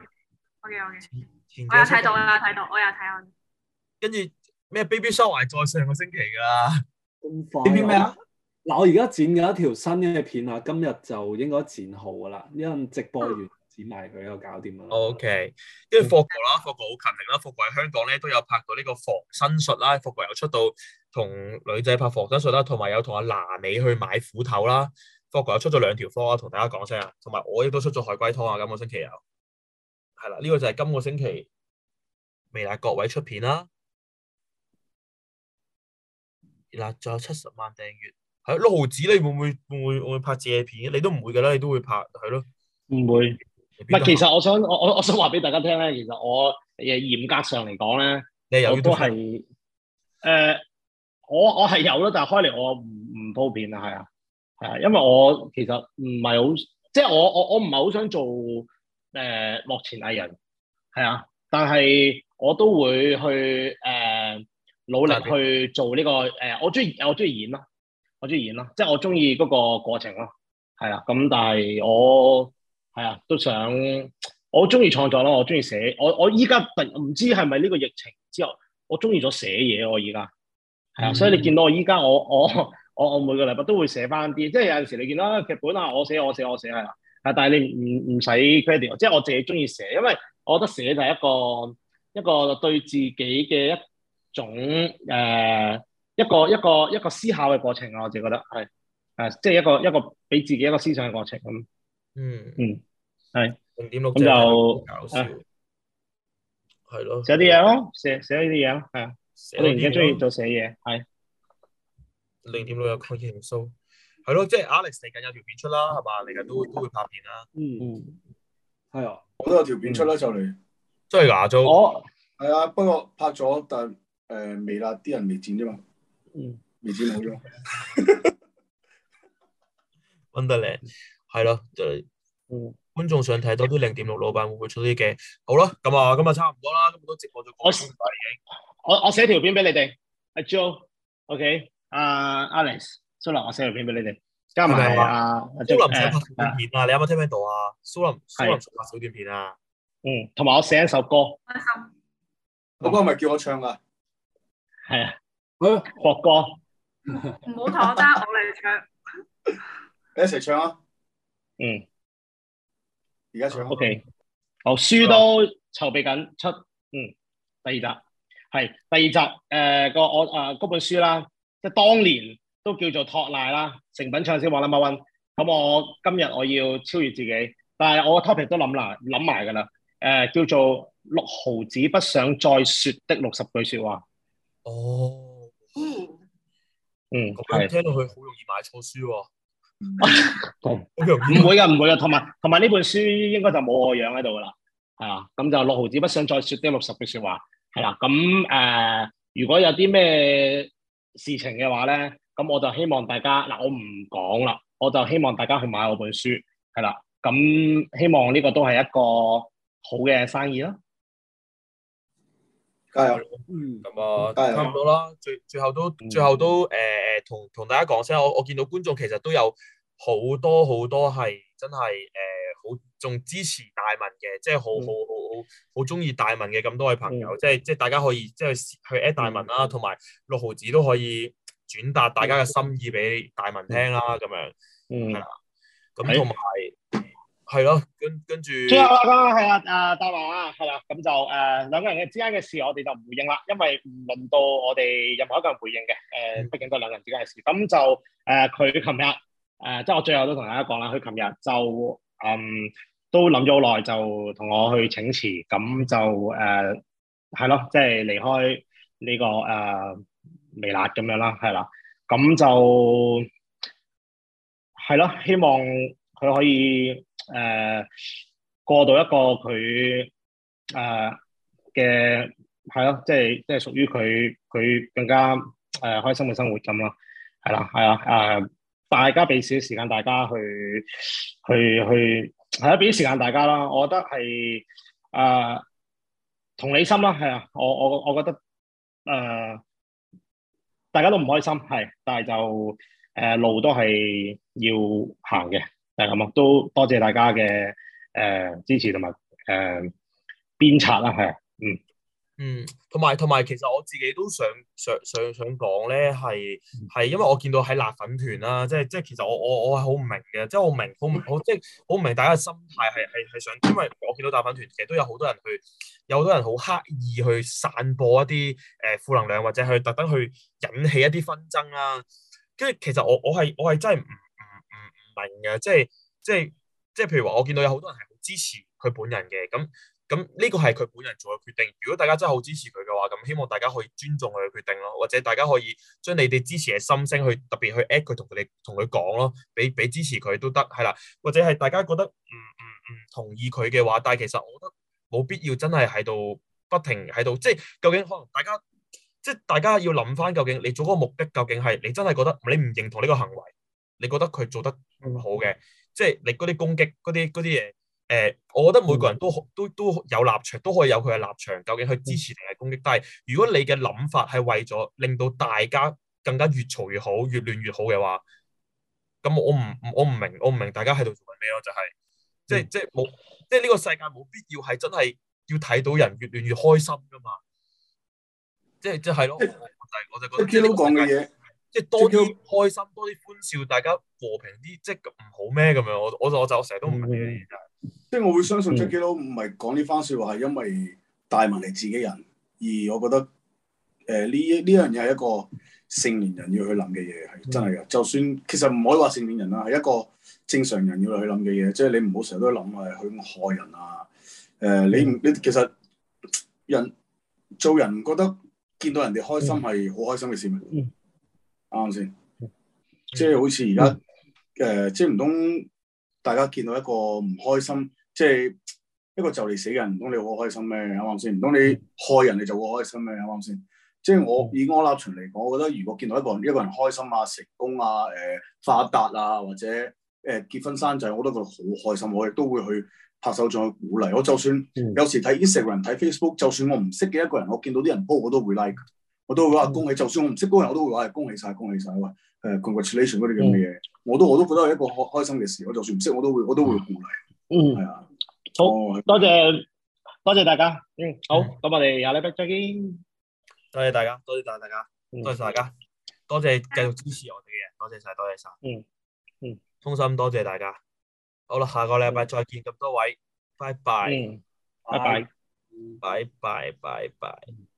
O K O K，我有睇到，前前幾星期出。我有睇到，我有睇到，我有睇。跟住咩？Baby Shower 懷疑再上個星期噶啦。呢邊咩啊？嗱，我而家剪緊一條新嘅片啊，今日就應該剪好噶啦，因為直播完剪埋佢，我搞掂啦。O K，跟住福國啦，福國好勤力啦，福國喺香港咧都有拍到呢個防身術啦，福國有出到同女仔拍防身術啦，同埋有同阿娜美去買斧頭啦。f o 哥哥又出咗兩條科啊，同大家講聲啊，同埋我亦都出咗海龜湯啊，今個星期有係啦，呢、這個就係今個星期未嚟各位出片啦、啊。嗱，仲有七十萬訂閱，係六毫子，你會唔會會會,會,會拍借片嘅？你都唔會嘅啦，你都會拍係咯，唔會。唔係有，其實我想我我我想話俾大家聽咧，其實我嘅嚴格上嚟講咧，我都係誒，我我係有咯，但係開嚟我唔唔鋪片啊，係啊。係因為我其實唔係好，即係我我我唔係好想做誒幕前藝人，係啊，但係我都會去誒努力去做呢個誒，我中意我中意演咯，我中意演咯，即係我中意嗰個過程咯，係啊，咁但係我係啊，都想我中意創作咯，我中意寫，我我依家突然唔知係咪呢個疫情之後，我中意咗寫嘢我而家，係啊，所以你見到我依家我我。我我我每個禮拜都會寫翻啲，即係有陣時你見到劇本啊，我寫我寫我寫係啦，啊！但係你唔唔使 credit，即係我自己中意寫，因為我覺得寫就係一個一個對自己嘅一種誒、呃、一個一個一個思考嘅過程啊，我自己覺得係啊，即係一個一個俾自己一個思想嘅過程咁。嗯嗯，係。重點錄的。咁就係、啊、咯。寫啲嘢咯，寫咯寫呢啲嘢咯，係啊。我年紀中意做寫嘢，係。零點六有 concern 數，係咯，即係 Alex 嚟緊有條片出啦，係嘛？嚟緊都都會拍片啦。嗯，係啊，我都有條片出啦，就嚟。真係噶，阿 Joe。哦，係啊，不過拍咗，但誒未啦，啲人未剪啫嘛。嗯，未剪好咗。揾得靚，係咯，嗯，觀眾想睇多啲零點六老闆會唔會出啲嘅？好啦，咁啊，咁啊差唔多啦，咁都直播咗幾時啦？已經，我我寫條片俾你哋，阿 Joe，OK。阿 Alex 蘇林，我寫條片俾你哋，加埋蘇林寫拍小短片啊！你有冇聽唔聽到啊？蘇林蘇林寫拍小短片啊！嗯，同埋我寫一首歌，開心，嗰歌係咪叫我唱噶？係啊，誒歌，唔好同我嘈，得我嚟唱，你一齊唱啊！嗯，而家唱，OK，好，書都籌備緊出，嗯，第二集係第二集誒個我誒嗰本書啦。即係當年都叫做托賴啦，成品唱先話啦 Marvin 咁我今日我要超越自己，但係我 topic 都諗啦，諗埋㗎啦。誒、呃，叫做六毫子不想再說的六十句説話。哦，嗯，我聽到佢好容易買錯書喎。唔 會㗎，唔會㗎。同埋同埋呢本書應該就冇我樣喺度㗎啦。係啊，咁就六毫子不想再說的六十句説話。係啦，咁誒、呃，如果有啲咩事情嘅話咧，咁我就希望大家嗱，我唔講啦，我就希望大家去買我本書，係啦，咁希望呢個都係一個好嘅生意咯，加油，嗯。加油！嗯，咁啊，差唔多啦，最最後都最後都誒誒、呃、同同大家講聲，我我見到觀眾其實都有好多好多係真係誒。呃好仲支持大文嘅，即係好好好好好中意大文嘅咁多位朋友，就是、即係即係大家可以即係、就是、去 add 大文啦，嗯、同埋六毫子都可以轉達大家嘅心意俾大文聽啦，咁樣嗯，咁同埋係咯，跟跟住最後啦，係啦，誒大文啊，係啦，咁、嗯嗯嗯、就誒兩個人嘅之間嘅事，我哋就唔回應啦，因為唔輪到我哋任何一個人回應嘅，誒畢竟都係兩個人之間嘅事，咁就誒佢琴日誒即係我最後都同大家講啦，佢琴日就。嗯，um, 都諗咗好耐，就同我去請辭，咁就誒，係、uh, 咯，即係離開呢、這個誒、uh, 微辣咁樣啦，係啦，咁就係咯，希望佢可以誒、uh, 過到一個佢誒嘅係咯，即係即係屬於佢佢更加誒、uh, 開心嘅生活咁咯，係啦，係啊，誒、uh,。大家俾少時間，大家去去去，係啊，俾啲時間大家啦，我覺得係啊、呃、同理心啦係啊，我我我覺得誒、呃、大家都唔開心係，但係就誒、呃、路都係要行嘅。誒咁都多謝大家嘅誒、呃、支持同埋誒鞭策啦係啊，嗯。嗯，同埋同埋，其實我自己都想想想想講咧，係係，因為我見到喺辣粉團啦，即係即係，即係、其實我我我係好唔明嘅，即係我明好唔好，即係我唔明，即係、明大家嘅心態係係係想，因為我見到辣粉團其實都有好多人去，有好多人好刻意去散播一啲誒負能量，或者去特登去引起一啲紛爭啦、啊。跟住其實我我係我係真係唔唔唔唔明嘅，即係即係即係譬如話，我見到有好多人係好支持佢本人嘅咁。咁呢個係佢本人做嘅決定。如果大家真係好支持佢嘅話，咁希望大家可以尊重佢嘅決定咯。或者大家可以將你哋支持嘅心聲去特別去 at 佢，同佢哋同佢講咯，俾俾支持佢都得。係啦，或者係大家覺得唔唔唔同意佢嘅話，但係其實我覺得冇必要真係喺度不停喺度。即係究竟可能大家即係大家要諗翻，究竟你做嗰個目的究竟係你真係覺得你唔認同呢個行為，你覺得佢做得唔好嘅，即係你嗰啲攻擊嗰啲啲嘢。誒、呃，我覺得每個人都、嗯、都都，都有立場，都可以有佢嘅立場。究竟去支持定係攻擊？但係如果你嘅諗法係為咗令到大家更加越嘈越好、越亂越好嘅話，咁我唔我唔明，我唔明，我唔明大家喺度做緊咩咯？就係即係即係冇，即係呢個世界冇必要係真係要睇到人越亂越開心噶嘛？即係即係咯，我就覺得啲老講嘅嘢，即係、就係、多啲開心、多啲歡笑，大家和平啲，即係唔好咩咁樣？我我就我就成日都唔明。嗯即係我會相信 Jacky Lou 唔係講呢番說話，係因為帶埋嚟自己人。而我覺得誒呢呢樣嘢係一個成年人要去諗嘅嘢係真係嘅，就算其實唔可以話成年人啦，係一個正常人要去諗嘅嘢，即係你唔好成日都諗誒去害人啊，誒、呃、你唔你其實人做人覺得見到人哋開心係好開心嘅事咪，啱唔啱先？即係好似而家誒即係唔通大家見到一個唔開心。即係一個就嚟死嘅人，唔通你好開心咩？啱啱先？唔通你害人你就會開心咩？啱啱先？即係我以我立場嚟講，我覺得如果見到一個人一個人開心啊、成功啊、誒、呃、發達啊，或者誒、呃、結婚生仔，我都覺得好開心，我亦都會去拍手掌去鼓勵。我就算有時睇 Instagram、睇 Facebook，就算我唔識嘅一個人，我見到啲人 po，我都會 like，我都會話恭喜。嗯、就算我唔識嗰個人，我都會話恭喜晒，恭喜晒。喂誒 congratulation 嗰啲咁嘅嘢，我都我都覺得係一個開開心嘅事。我就算唔識，我都會我都會鼓勵。嗯，係啊。好多謝多謝大家，嗯，好，咁、嗯、我哋下禮拜再見，多謝大家，多謝大家，多謝大家，多謝繼續支持我哋嘅人，多謝晒，多謝晒、嗯，嗯嗯，衷心多謝大家，好啦，下個禮拜再見咁多、嗯、位，拜拜，嗯、拜，拜，拜拜，拜拜，拜拜拜拜。